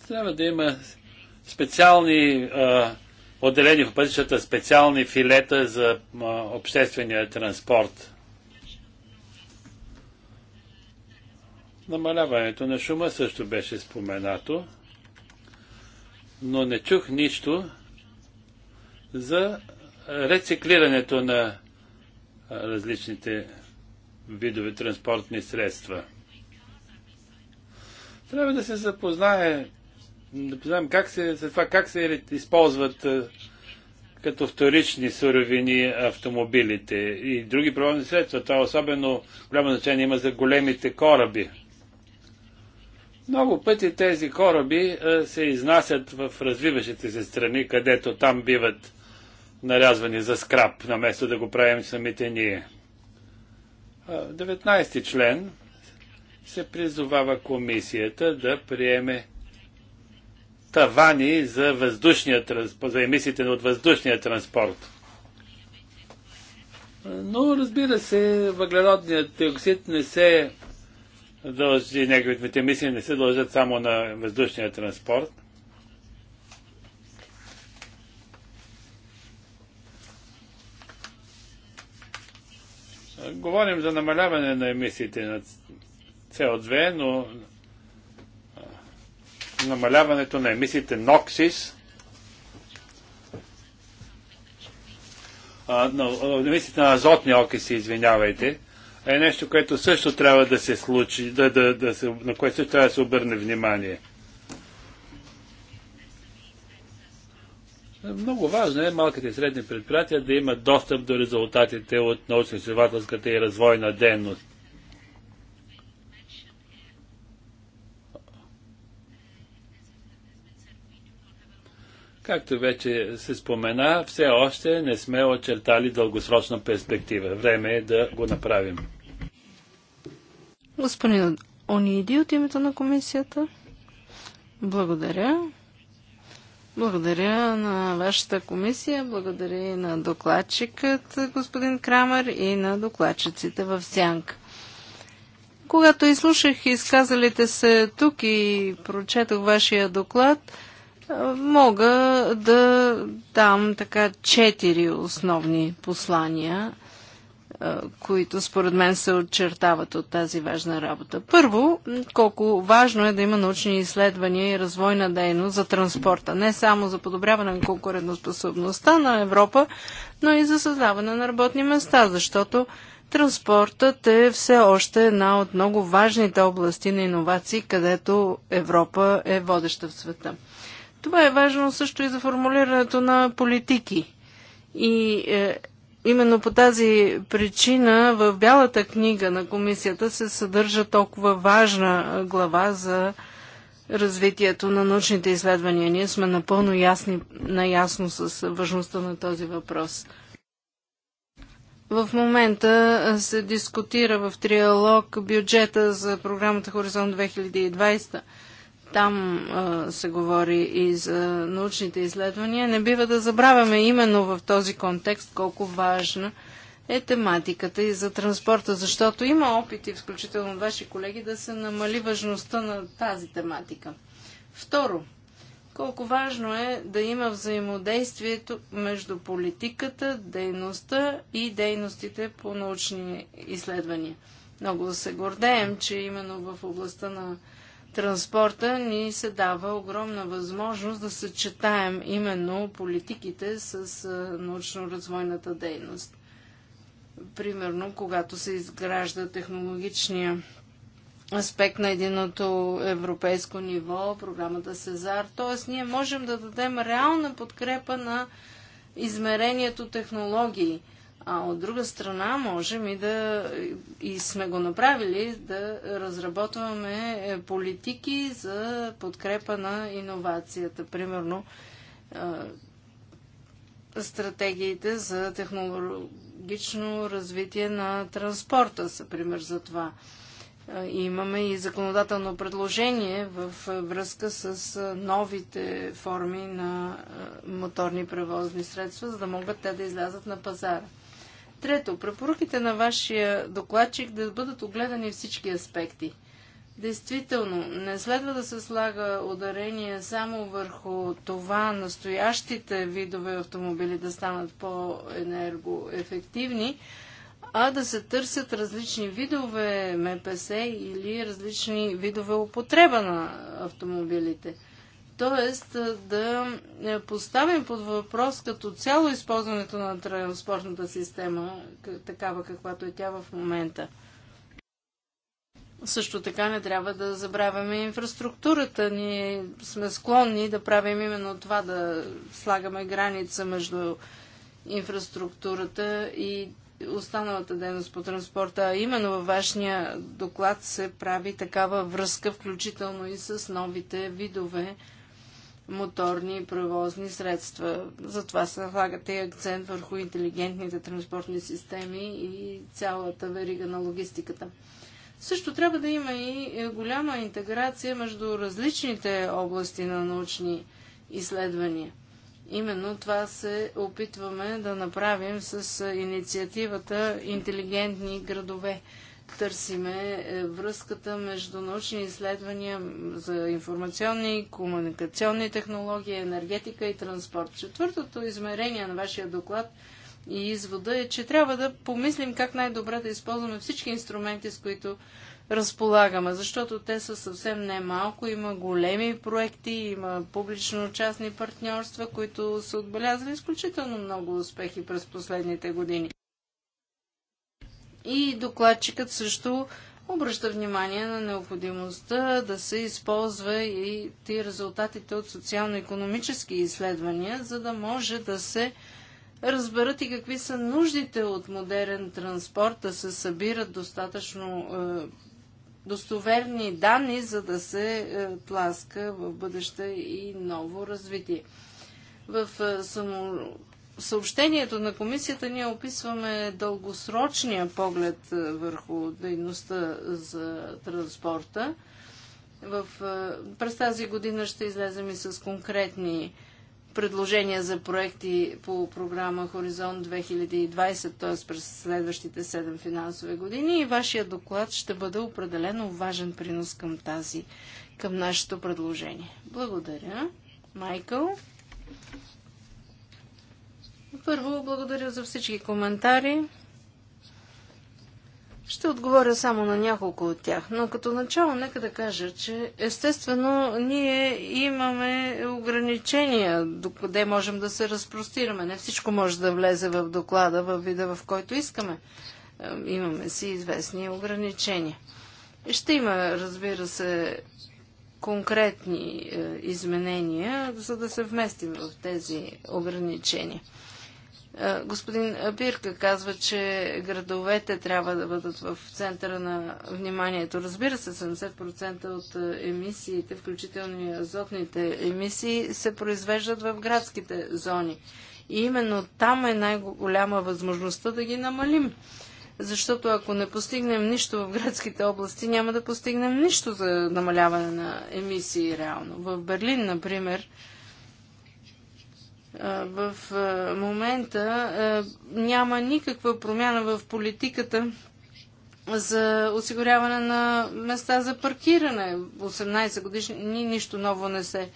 Speaker 1: Трябва да има специални а, отделени в пътищата специални филета за обществения транспорт. Намаляването на шума също беше споменато, но не чух нищо за рециклирането на различните видове транспортни средства. Трябва да се запознае да познаем как се, за това как се използват е, като вторични суровини автомобилите и други превозни средства. Това е особено голямо значение има за големите кораби. Много пъти тези кораби е, се изнасят в развиващите се страни, където там биват нарязвани за скрап, место да го правим самите ние. 19 член се призовава комисията да приеме тавани за, въздушния, за емисиите от въздушния транспорт. Но разбира се, въглеродният диоксид не се дължи, неговите емисии не се дължат само на въздушния транспорт. Говорим за намаляване на емисиите на CO2, но намаляването на емисиите НОКСИС, емисиите на азотни окиси, извинявайте, е нещо, което също трябва да се случи, да, да, да се, на което също трябва да се обърне внимание. Много важно е малките и средни предприятия да имат достъп до резултатите от научно-изследователската и развойна дейност. Както вече се спомена, все още не сме очертали дългосрочна перспектива. Време е да го направим.
Speaker 2: Господин Ониди от името на комисията. Благодаря. Благодаря на вашата комисия, благодаря и на докладчикът господин Крамер и на докладчиците в Сянка. Когато изслушах изказалите се тук и прочетох вашия доклад, мога да дам така четири основни послания, които според мен се очертават от тази важна работа. Първо, колко важно е да има научни изследвания и развойна дейност за транспорта, не само за подобряване на конкурентоспособността на Европа, но и за създаване на работни места, защото Транспортът е все още една от много важните области на иновации, където Европа е водеща в света. Това е важно също и за формулирането на политики. И е, именно по тази причина в Бялата книга на комисията се съдържа толкова важна е, глава за развитието на научните изследвания. Ние сме напълно ясни, наясно с важността на този въпрос. В момента е, се дискутира в триалог бюджета за програмата Хоризонт 2020 там а, се говори и за научните изследвания. Не бива да забравяме именно в този контекст колко важна е тематиката и за транспорта, защото има опити, включително от ваши колеги, да се намали важността на тази тематика. Второ, колко важно е да има взаимодействието между политиката, дейността и дейностите по научни изследвания. Много се гордеем, че именно в областта на транспорта ни се дава огромна възможност да съчетаем именно политиките с научно-развойната дейност. Примерно, когато се изгражда технологичния аспект на единото европейско ниво, програмата Сезар. Т.е. ние можем да дадем реална подкрепа на измерението технологии – а от друга страна можем и да и сме го направили да разработваме е, политики за подкрепа на иновацията. Примерно стратегиите за технологично развитие на транспорта са пример за това. И имаме и законодателно предложение в връзка с новите форми на моторни превозни средства, за да могат те да излязат на пазара. Трето, препоръките на вашия докладчик да бъдат огледани всички аспекти. Действително, не следва да се слага ударение само върху това настоящите видове автомобили да станат по-енергоефективни, а да се търсят различни видове МПС или различни видове употреба на автомобилите – Тоест да е, поставим под въпрос като цяло използването на транспортната система, такава каквато е тя в момента. Също така не трябва да забравяме инфраструктурата. Ние сме склонни да правим именно това, да слагаме граница между инфраструктурата и останалата дейност по транспорта. Именно във вашния доклад се прави такава връзка, включително и с новите видове моторни и превозни средства. Затова се налагат и акцент върху интелигентните транспортни системи и цялата верига на логистиката. Също трябва да има и голяма интеграция между различните области на научни изследвания. Именно това се опитваме да направим с инициативата Интелигентни градове – търсиме е, връзката между научни изследвания за информационни и комуникационни технологии, енергетика и транспорт. Четвъртото измерение на вашия доклад и извода е, че трябва да помислим как най-добре да използваме всички инструменти, с които разполагаме, защото те са съвсем немалко. малко. Има големи проекти, има публично-частни партньорства, които са отбелязали изключително много успехи през последните години. И докладчикът също обръща внимание на необходимостта да се използва и ти резултатите от социално-економически изследвания, за да може да се разберат и какви са нуждите от модерен транспорт, да се събират достатъчно е, достоверни данни, за да се е, тласка в бъдеще и ново развитие. В е, само съобщението на комисията ние описваме дългосрочния поглед е, върху дейността за транспорта. В, е, през тази година ще излезем и с конкретни предложения за проекти по програма Хоризонт 2020, т.е. през следващите 7 финансови години и вашия доклад ще бъде определено важен принос към тази, към нашето предложение. Благодаря. Майкъл? Първо, благодаря за всички коментари. Ще отговоря само на няколко от тях, но като начало нека да кажа, че естествено ние имаме ограничения, докъде можем да се разпростираме. Не всичко може да влезе в доклада, в вида в който искаме. Имаме си известни ограничения. Ще има, разбира се, конкретни е, изменения, за да се вместим в тези ограничения. Е, господин Бирка казва, че градовете трябва да бъдат в центъра на вниманието. Разбира се, 70% от е, емисиите, включително и азотните емисии, се произвеждат в градските зони. И именно там е най-голяма възможността да ги намалим. Защото ако не постигнем нищо в градските области, няма да постигнем нищо за намаляване на емисии реално. В Берлин, например, в момента няма никаква промяна в политиката за осигуряване на места за паркиране. 18 годишни нищо ново не се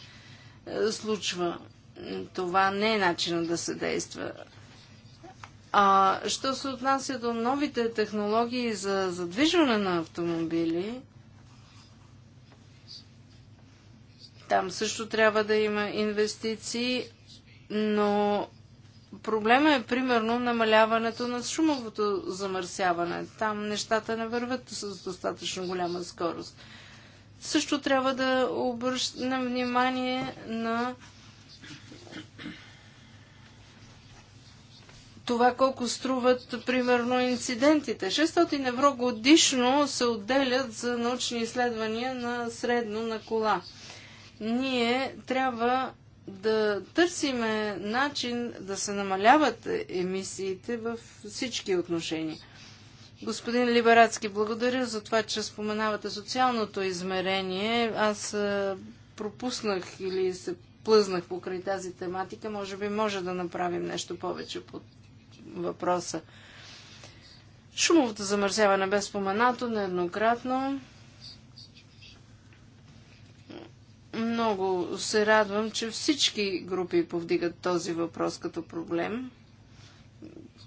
Speaker 2: случва. Това не е начина да се действа. А що се отнася до новите технологии за задвижване на автомобили, там също трябва да има инвестиции, но проблема е примерно намаляването на шумовото замърсяване. Там нещата не върват с достатъчно голяма скорост. Също трябва да обръщам внимание на това колко струват, примерно, инцидентите. 600 евро годишно се отделят за научни изследвания на средно на кола. Ние трябва да търсиме начин да се намаляват емисиите във всички отношения. Господин Либерацки, благодаря за това, че споменавате социалното измерение. Аз пропуснах или се плъзнах покрай тази тематика. Може би може да направим нещо повече под въпроса. Шумовото замърсяване бе споменато нееднократно. Много се радвам, че всички групи повдигат този въпрос като проблем.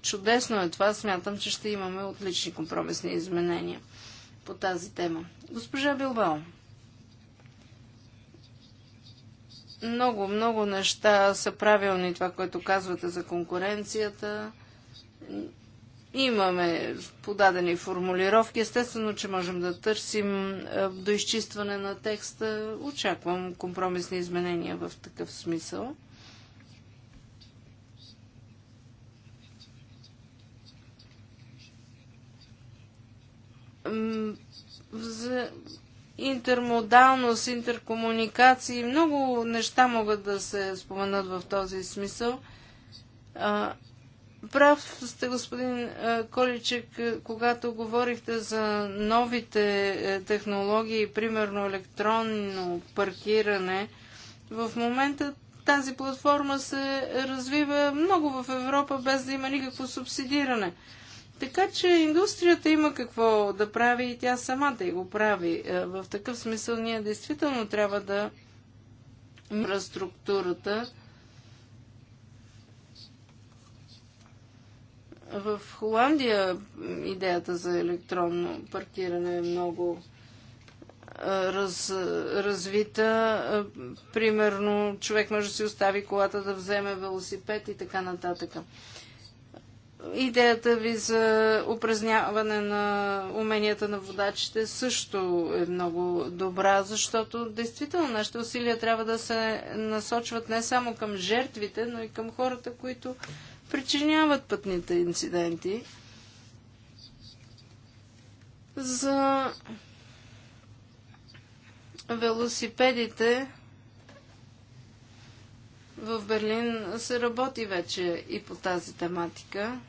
Speaker 2: Чудесно е това. Смятам, че ще имаме отлични компромисни изменения по тази тема. Госпожа Билбао. Много, много неща са правилни това, което казвате за конкуренцията. Имаме подадени формулировки. Естествено, че можем да търсим е, до изчистване на текста. Очаквам компромисни изменения в такъв смисъл. За интермодалност, интеркомуникации, много неща могат да се споменат в този смисъл. Прав сте, господин Количек, когато говорихте за новите е, технологии, примерно електронно паркиране. В момента тази платформа се развива много в Европа, без да има никакво субсидиране. Така че индустрията има какво да прави и тя сама да го прави. Е, в такъв смисъл ние действително трябва да инфраструктурата В Холандия идеята за електронно паркиране е много раз, развита. Примерно, човек може да си остави колата да вземе велосипед и така нататък. Идеята ви за упражняване на уменията на водачите също е много добра, защото действително нашите усилия трябва да се насочват не само към жертвите, но и към хората, които причиняват пътните инциденти. За велосипедите в Берлин се работи вече и по тази тематика.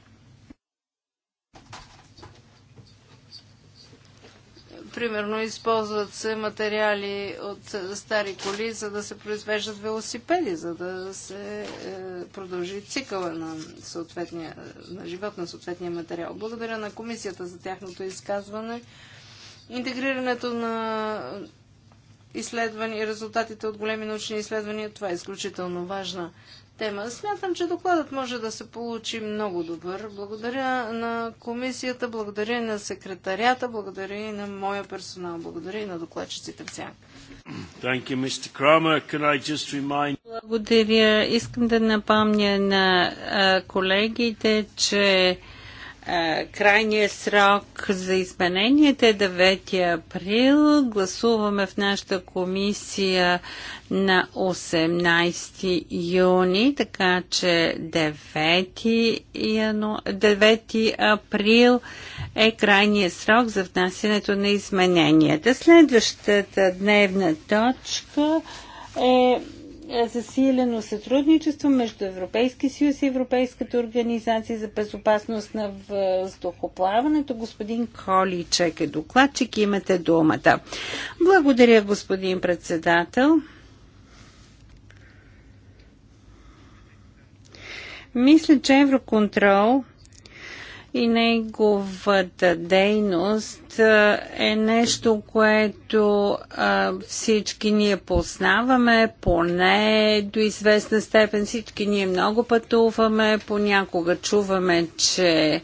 Speaker 2: Примерно използват се материали от стари коли, за да се произвеждат велосипеди, за да се е, продължи цикъла на, съответния, на живот на съответния материал. Благодаря на комисията за тяхното изказване. Интегрирането на изследвания, резултатите от големи научни изследвания, това е изключително важна тема. Смятам, че докладът може да се получи много добър. Благодаря на комисията, благодаря на секретарията, благодаря и на моя персонал, благодаря и на
Speaker 3: докладчиците в сянка.
Speaker 1: Remind...
Speaker 3: Благодаря. Искам да напомня на колегите, че е, крайният срок за измененията е 9 април. Гласуваме в нашата комисия на 18 юни, така че 9, 9 април е крайният срок за внасянето на измененията. Следващата дневна точка е е засилено сътрудничество между Европейски съюз и Европейската организация за безопасност на въздухоплаването. Господин Количек е докладчик. Имате думата. Благодаря, господин председател. Мисля, че Евроконтрол – и неговата дейност е нещо, което всички ние познаваме, поне до известна степен всички ние много пътуваме, понякога чуваме, че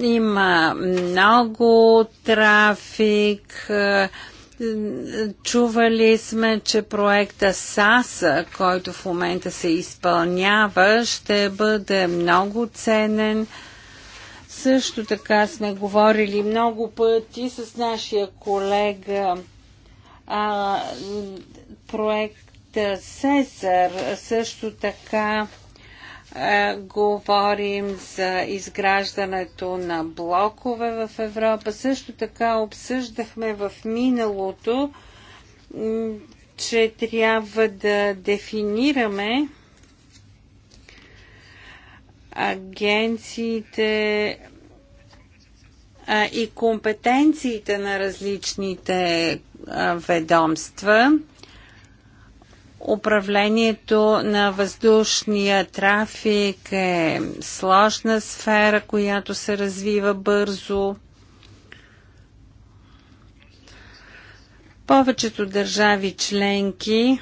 Speaker 3: има много трафик. А, Чували сме, че проекта САСА, който в момента се изпълнява, ще бъде много ценен. Също така сме говорили много пъти с нашия колега а, проект Цезар, също така е, говорим за изграждането на блокове в Европа. Също така обсъждахме в миналото, че трябва да дефинираме агенциите и компетенциите на различните ведомства. Управлението на въздушния трафик е сложна сфера, която се развива бързо. Повечето държави членки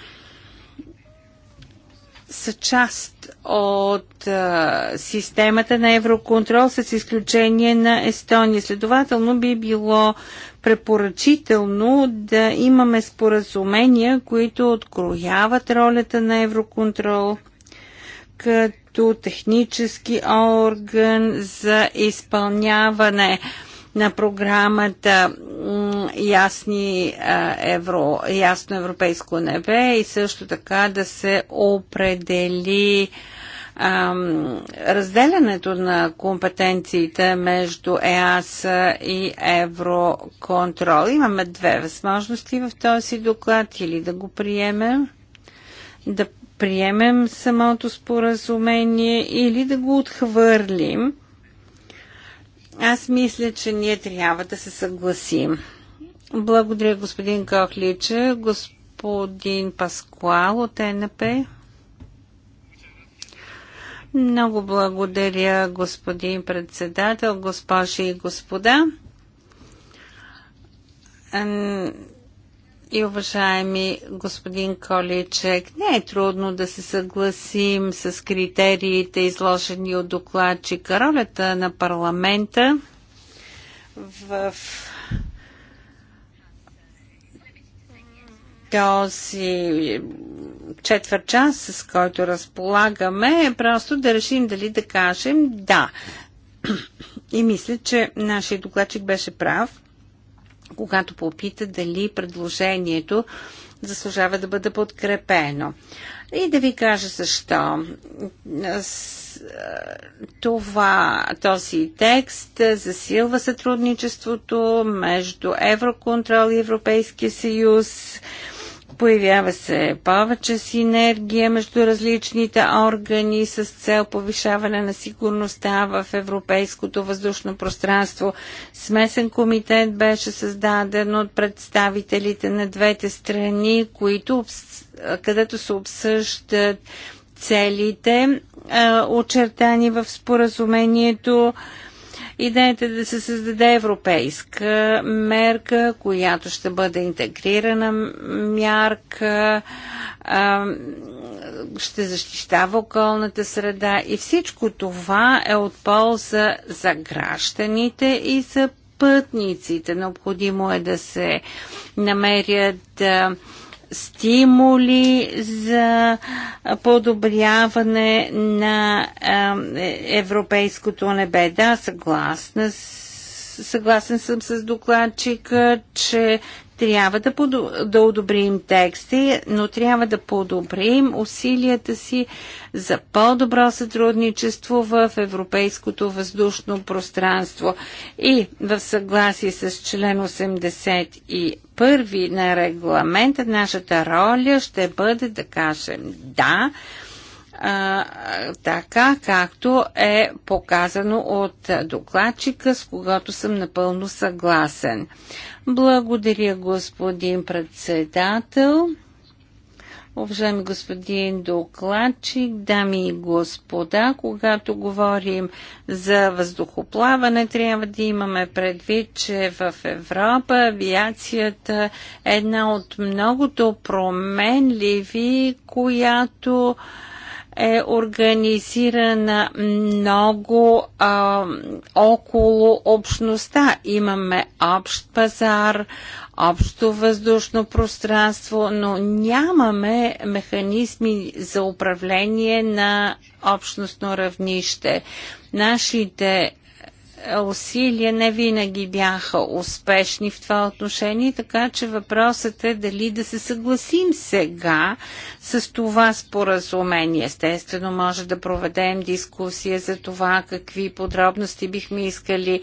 Speaker 3: са част от а, системата на Евроконтрол с изключение на Естония. Следователно би било препоръчително да имаме споразумения, които открояват ролята на Евроконтрол като технически орган за изпълняване на програмата ясни, евро, ясно европейско небе и също така да се определи разделянето на компетенциите между ЕАС и Евроконтрол. Имаме две възможности в този доклад или да го приемем, да приемем самото споразумение или да го отхвърлим аз мисля, че ние трябва да се съгласим. Благодаря, господин Кохлича. Господин Паскуал от НП. Много благодаря, господин председател, госпожи и господа и уважаеми господин Количек, не е трудно да се съгласим с критериите, изложени от докладчика. Ролята на парламента в този четвърт час, с който разполагаме, е просто да решим дали да кажем да. И мисля, че нашия докладчик беше прав когато попита дали предложението заслужава да бъде подкрепено. И да ви кажа защо. Е, това, този текст засилва сътрудничеството между Евроконтрол и Европейския съюз Появява се повече синергия между различните органи с цел повишаване на сигурността в европейското въздушно пространство. Смесен комитет беше създаден от представителите на двете страни, които, където се обсъждат целите, очертани в споразумението Идеята е да се създаде европейска мерка, която ще бъде интегрирана мярка, ще защищава околната среда и всичко това е от полза за гражданите и за пътниците. Необходимо е да се намерят стимули за подобряване на е, европейското небе. Да, съгласна, съгласен съм с докладчика, че трябва да, подо... да одобрим тексти, но трябва да подобрим усилията си за по-добро сътрудничество в европейското въздушно пространство. И в съгласие с член 81 на регламента, нашата роля ще бъде да кажем да а, така както е показано от докладчика, с когато съм напълно съгласен. Благодаря, господин председател. Уважаеми господин докладчик, дами и господа, когато говорим за въздухоплаване, трябва да имаме предвид, че в Европа авиацията е една от многото променливи, която е организирана много а, около общността. Имаме общ пазар, общо въздушно пространство, но нямаме механизми за управление на общностно равнище. Нашите усилия не винаги бяха успешни в това отношение, така че въпросът е дали да се съгласим сега с това споразумение. Естествено, може да проведем дискусия за това какви подробности бихме искали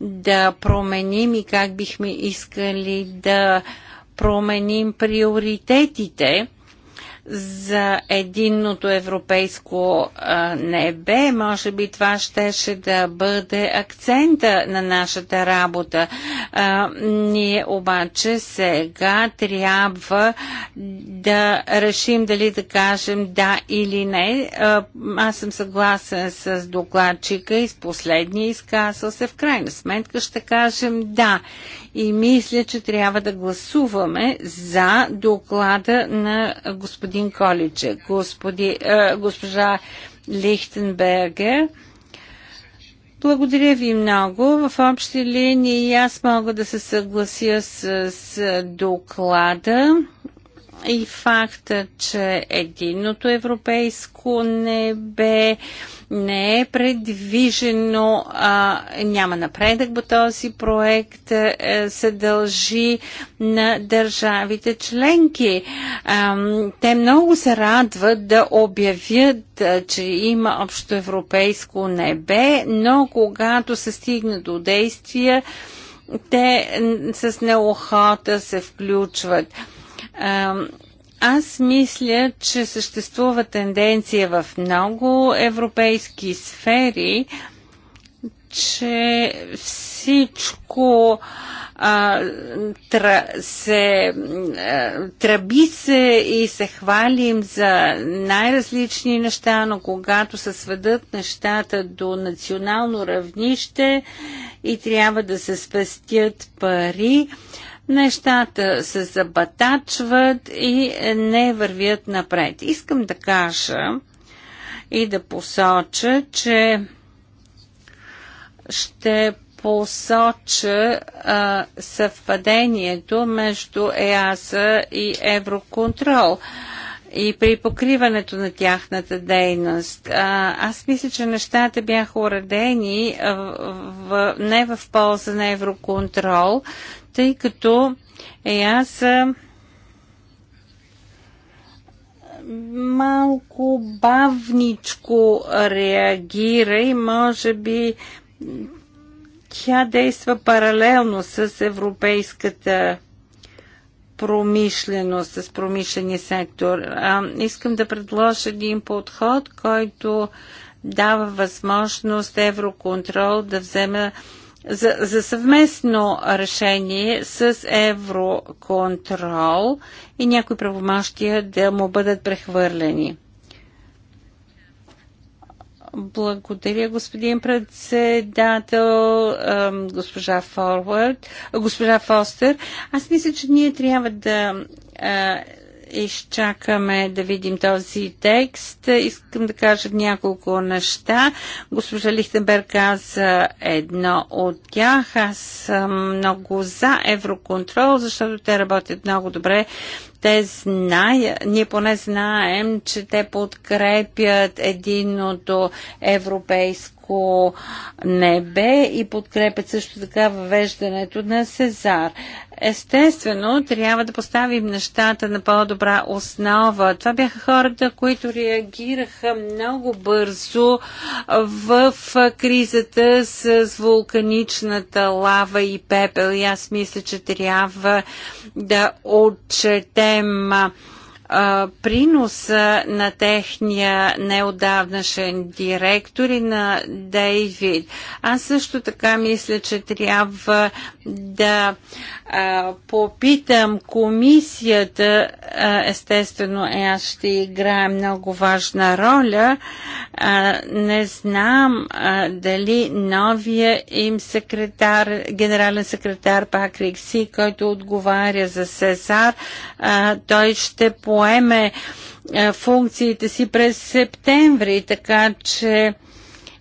Speaker 3: да променим и как бихме искали да променим приоритетите за единното европейско небе. Може би това щеше да бъде акцента на нашата работа. А, ние обаче сега трябва да решим дали да кажем да или не. А, аз съм съгласен с докладчика и с последния изказал се. В крайна сметка ще кажем да и мисля, че трябва да гласуваме за доклада на господин Количе, господи, а, е, госпожа Лихтенбергер. Благодаря ви много. В общи линии аз мога да се съглася с, с доклада и факта, че единното европейско небе не е предвижено, а, няма напредък по този проект, а, е, се дължи на държавите членки. А, те много се радват да обявят, а, е, че има общо европейско небе, но когато се стигне до действия, те с неохота се включват. А, аз мисля, че съществува тенденция в много европейски сфери, че всичко а, тра, се, а, тръби се и се хвалим за най-различни неща, но когато се сведат нещата до национално равнище и трябва да се спестят пари, а, нещата се забатачват и не вървят напред. Искам да кажа и да посоча, че ще посоча а, съвпадението между ЕАСА и Евроконтрол и при покриването на тяхната дейност. А, аз мисля, че нещата бяха уредени в, в, не в полза на Евроконтрол, тъй като е, аз малко бавничко реагира и може би тя действа паралелно с европейската промишленост, с промишления сектор. А, искам да предложа един подход, който дава възможност Евроконтрол да вземе за, за съвместно решение с евроконтрол и някои правомащия да му бъдат прехвърлени. Благодаря, господин председател, госпожа Форвард, госпожа Фостер. Аз мисля, че ние трябва да изчакаме да видим този текст. Искам да кажа няколко неща. Госпожа Лихтенберг каза едно от тях. Аз съм много за евроконтрол, защото те работят много добре те знаят, ние поне знаем, че те подкрепят единното европейско малко небе и подкрепят също така въвеждането на Сезар. Естествено, трябва да поставим нещата на по-добра основа. Това бяха хората, които реагираха много бързо в кризата с вулканичната лава и пепел. И аз мисля, че трябва да отчетем приноса на техния неодавнашен директор и на Дейвид. Аз също така мисля, че трябва да а, попитам комисията. А, естествено, е, аз ще играя много важна роля. А, не знам а, дали новия им секретар, генерален секретар Пакрик Си, който отговаря за Сезар, а, той ще поеме поеме е, функциите си през септември, така че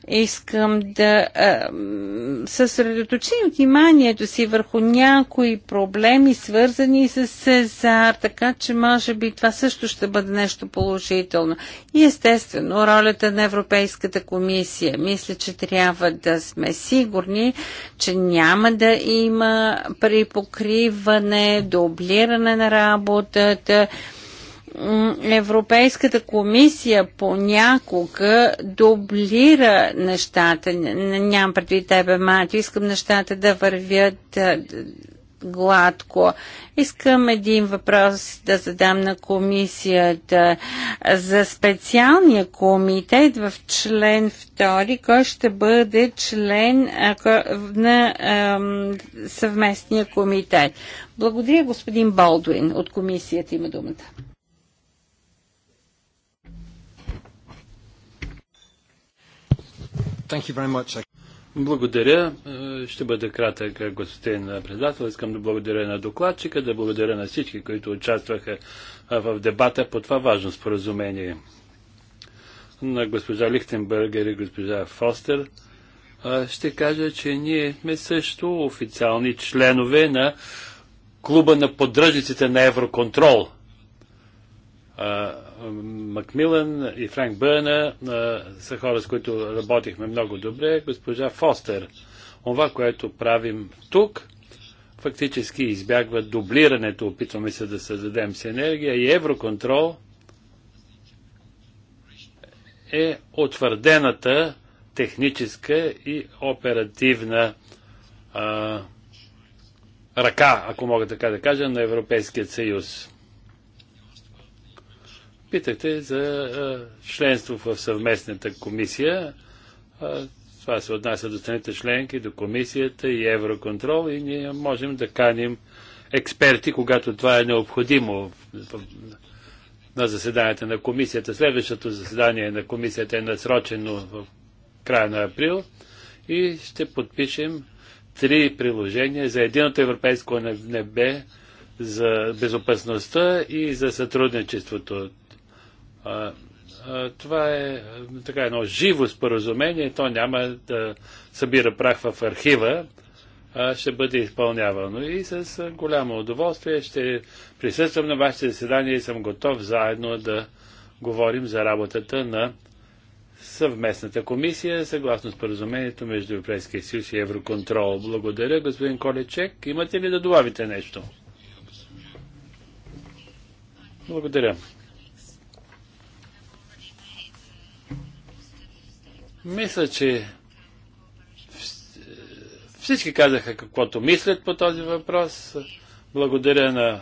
Speaker 3: искам да е, съсредоточим вниманието си върху някои проблеми, свързани с Сезар, така че може би това също ще бъде нещо положително. И естествено, ролята на Европейската комисия. Мисля, че трябва да сме сигурни, че няма да има припокриване, дублиране на работата, Европейската комисия понякога дублира нещата. Нямам предвид тебе, Матю. Искам нещата да вървят гладко. Искам един въпрос да задам на комисията за специалния комитет в член 2, кой ще бъде член на съвместния комитет. Благодаря, господин Болдуин от комисията има думата.
Speaker 1: Благодаря. Е, ще бъде кратък, господин председател. Искам да благодаря на докладчика, да благодаря на всички, които участваха в дебата по това важно споразумение. На госпожа Лихтенбергер и госпожа Фостер ще кажа, че ние сме също официални членове на клуба на поддръжниците на Евроконтрол – Макмилан и Франк Бърна са хора, с които работихме много добре. Госпожа Фостер, това, което правим тук, фактически избягва дублирането. Опитваме се да създадем синергия и евроконтрол е утвърдената техническа и оперативна а, ръка, ако мога така да кажа, на Европейският съюз. Питате за членство в съвместната комисия. Това се отнася до страните членки, до комисията и Евроконтрол и ние можем да каним експерти, когато това е необходимо на заседанията на комисията. Следващото заседание на комисията е насрочено в края на април и ще подпишем три приложения за единото европейско небе, за безопасността и за сътрудничеството това е така едно живо споразумение, то няма да събира прах в архива, а ще бъде изпълнявано. И с голямо удоволствие ще присъствам на вашето заседания и съм готов заедно да говорим за работата на съвместната комисия, съгласно споразумението между Европейския съюз и Евроконтрол. Благодаря, господин Колечек. Имате ли да добавите нещо? Благодаря. Мисля, че всички казаха каквото мислят по този въпрос. Благодаря на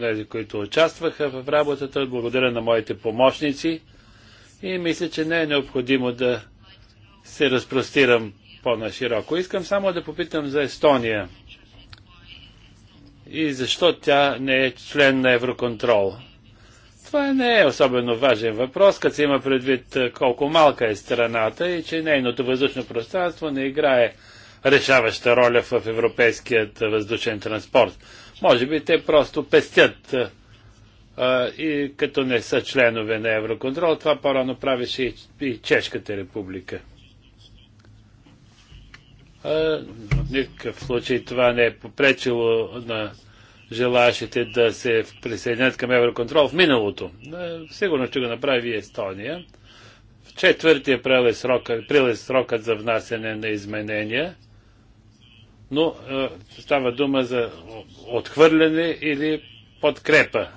Speaker 1: тези, които участваха в работата, благодаря на моите помощници и мисля, че не е необходимо да се разпростирам по-нашироко. Искам само да попитам за Естония и защо тя не е член на Евроконтрол. Това не е особено важен въпрос, като се има предвид е, колко малка е страната и че нейното въздушно пространство не играе решаваща роля в европейският въздушен транспорт. Може би те просто пестят а, е, е, и като не са членове на Евроконтрол, това по-рано правеше и, и Чешката република. А, в никакъв случай това не е попречило на желаящите да се присъединят към Евроконтрол в миналото. Е, сигурно ще го направи Естония. В четвъртия прелез е, срока, април е срокът за внасяне на изменения, но е, става дума за отхвърляне или подкрепа.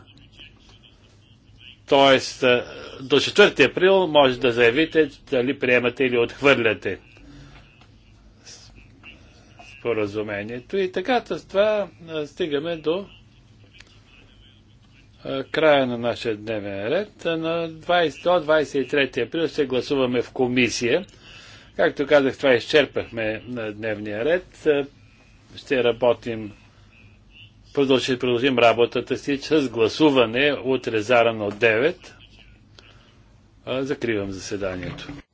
Speaker 1: Тоест, е, до 4 април може да заявите дали приемате или отхвърляте споразумението. И така с това стигаме до края на нашия дневен ред. На 23 април ще гласуваме в комисия. Както казах, това изчерпахме на дневния ред. Ще работим, ще продължим работата си с гласуване утре зарано от 9. Закривам заседанието.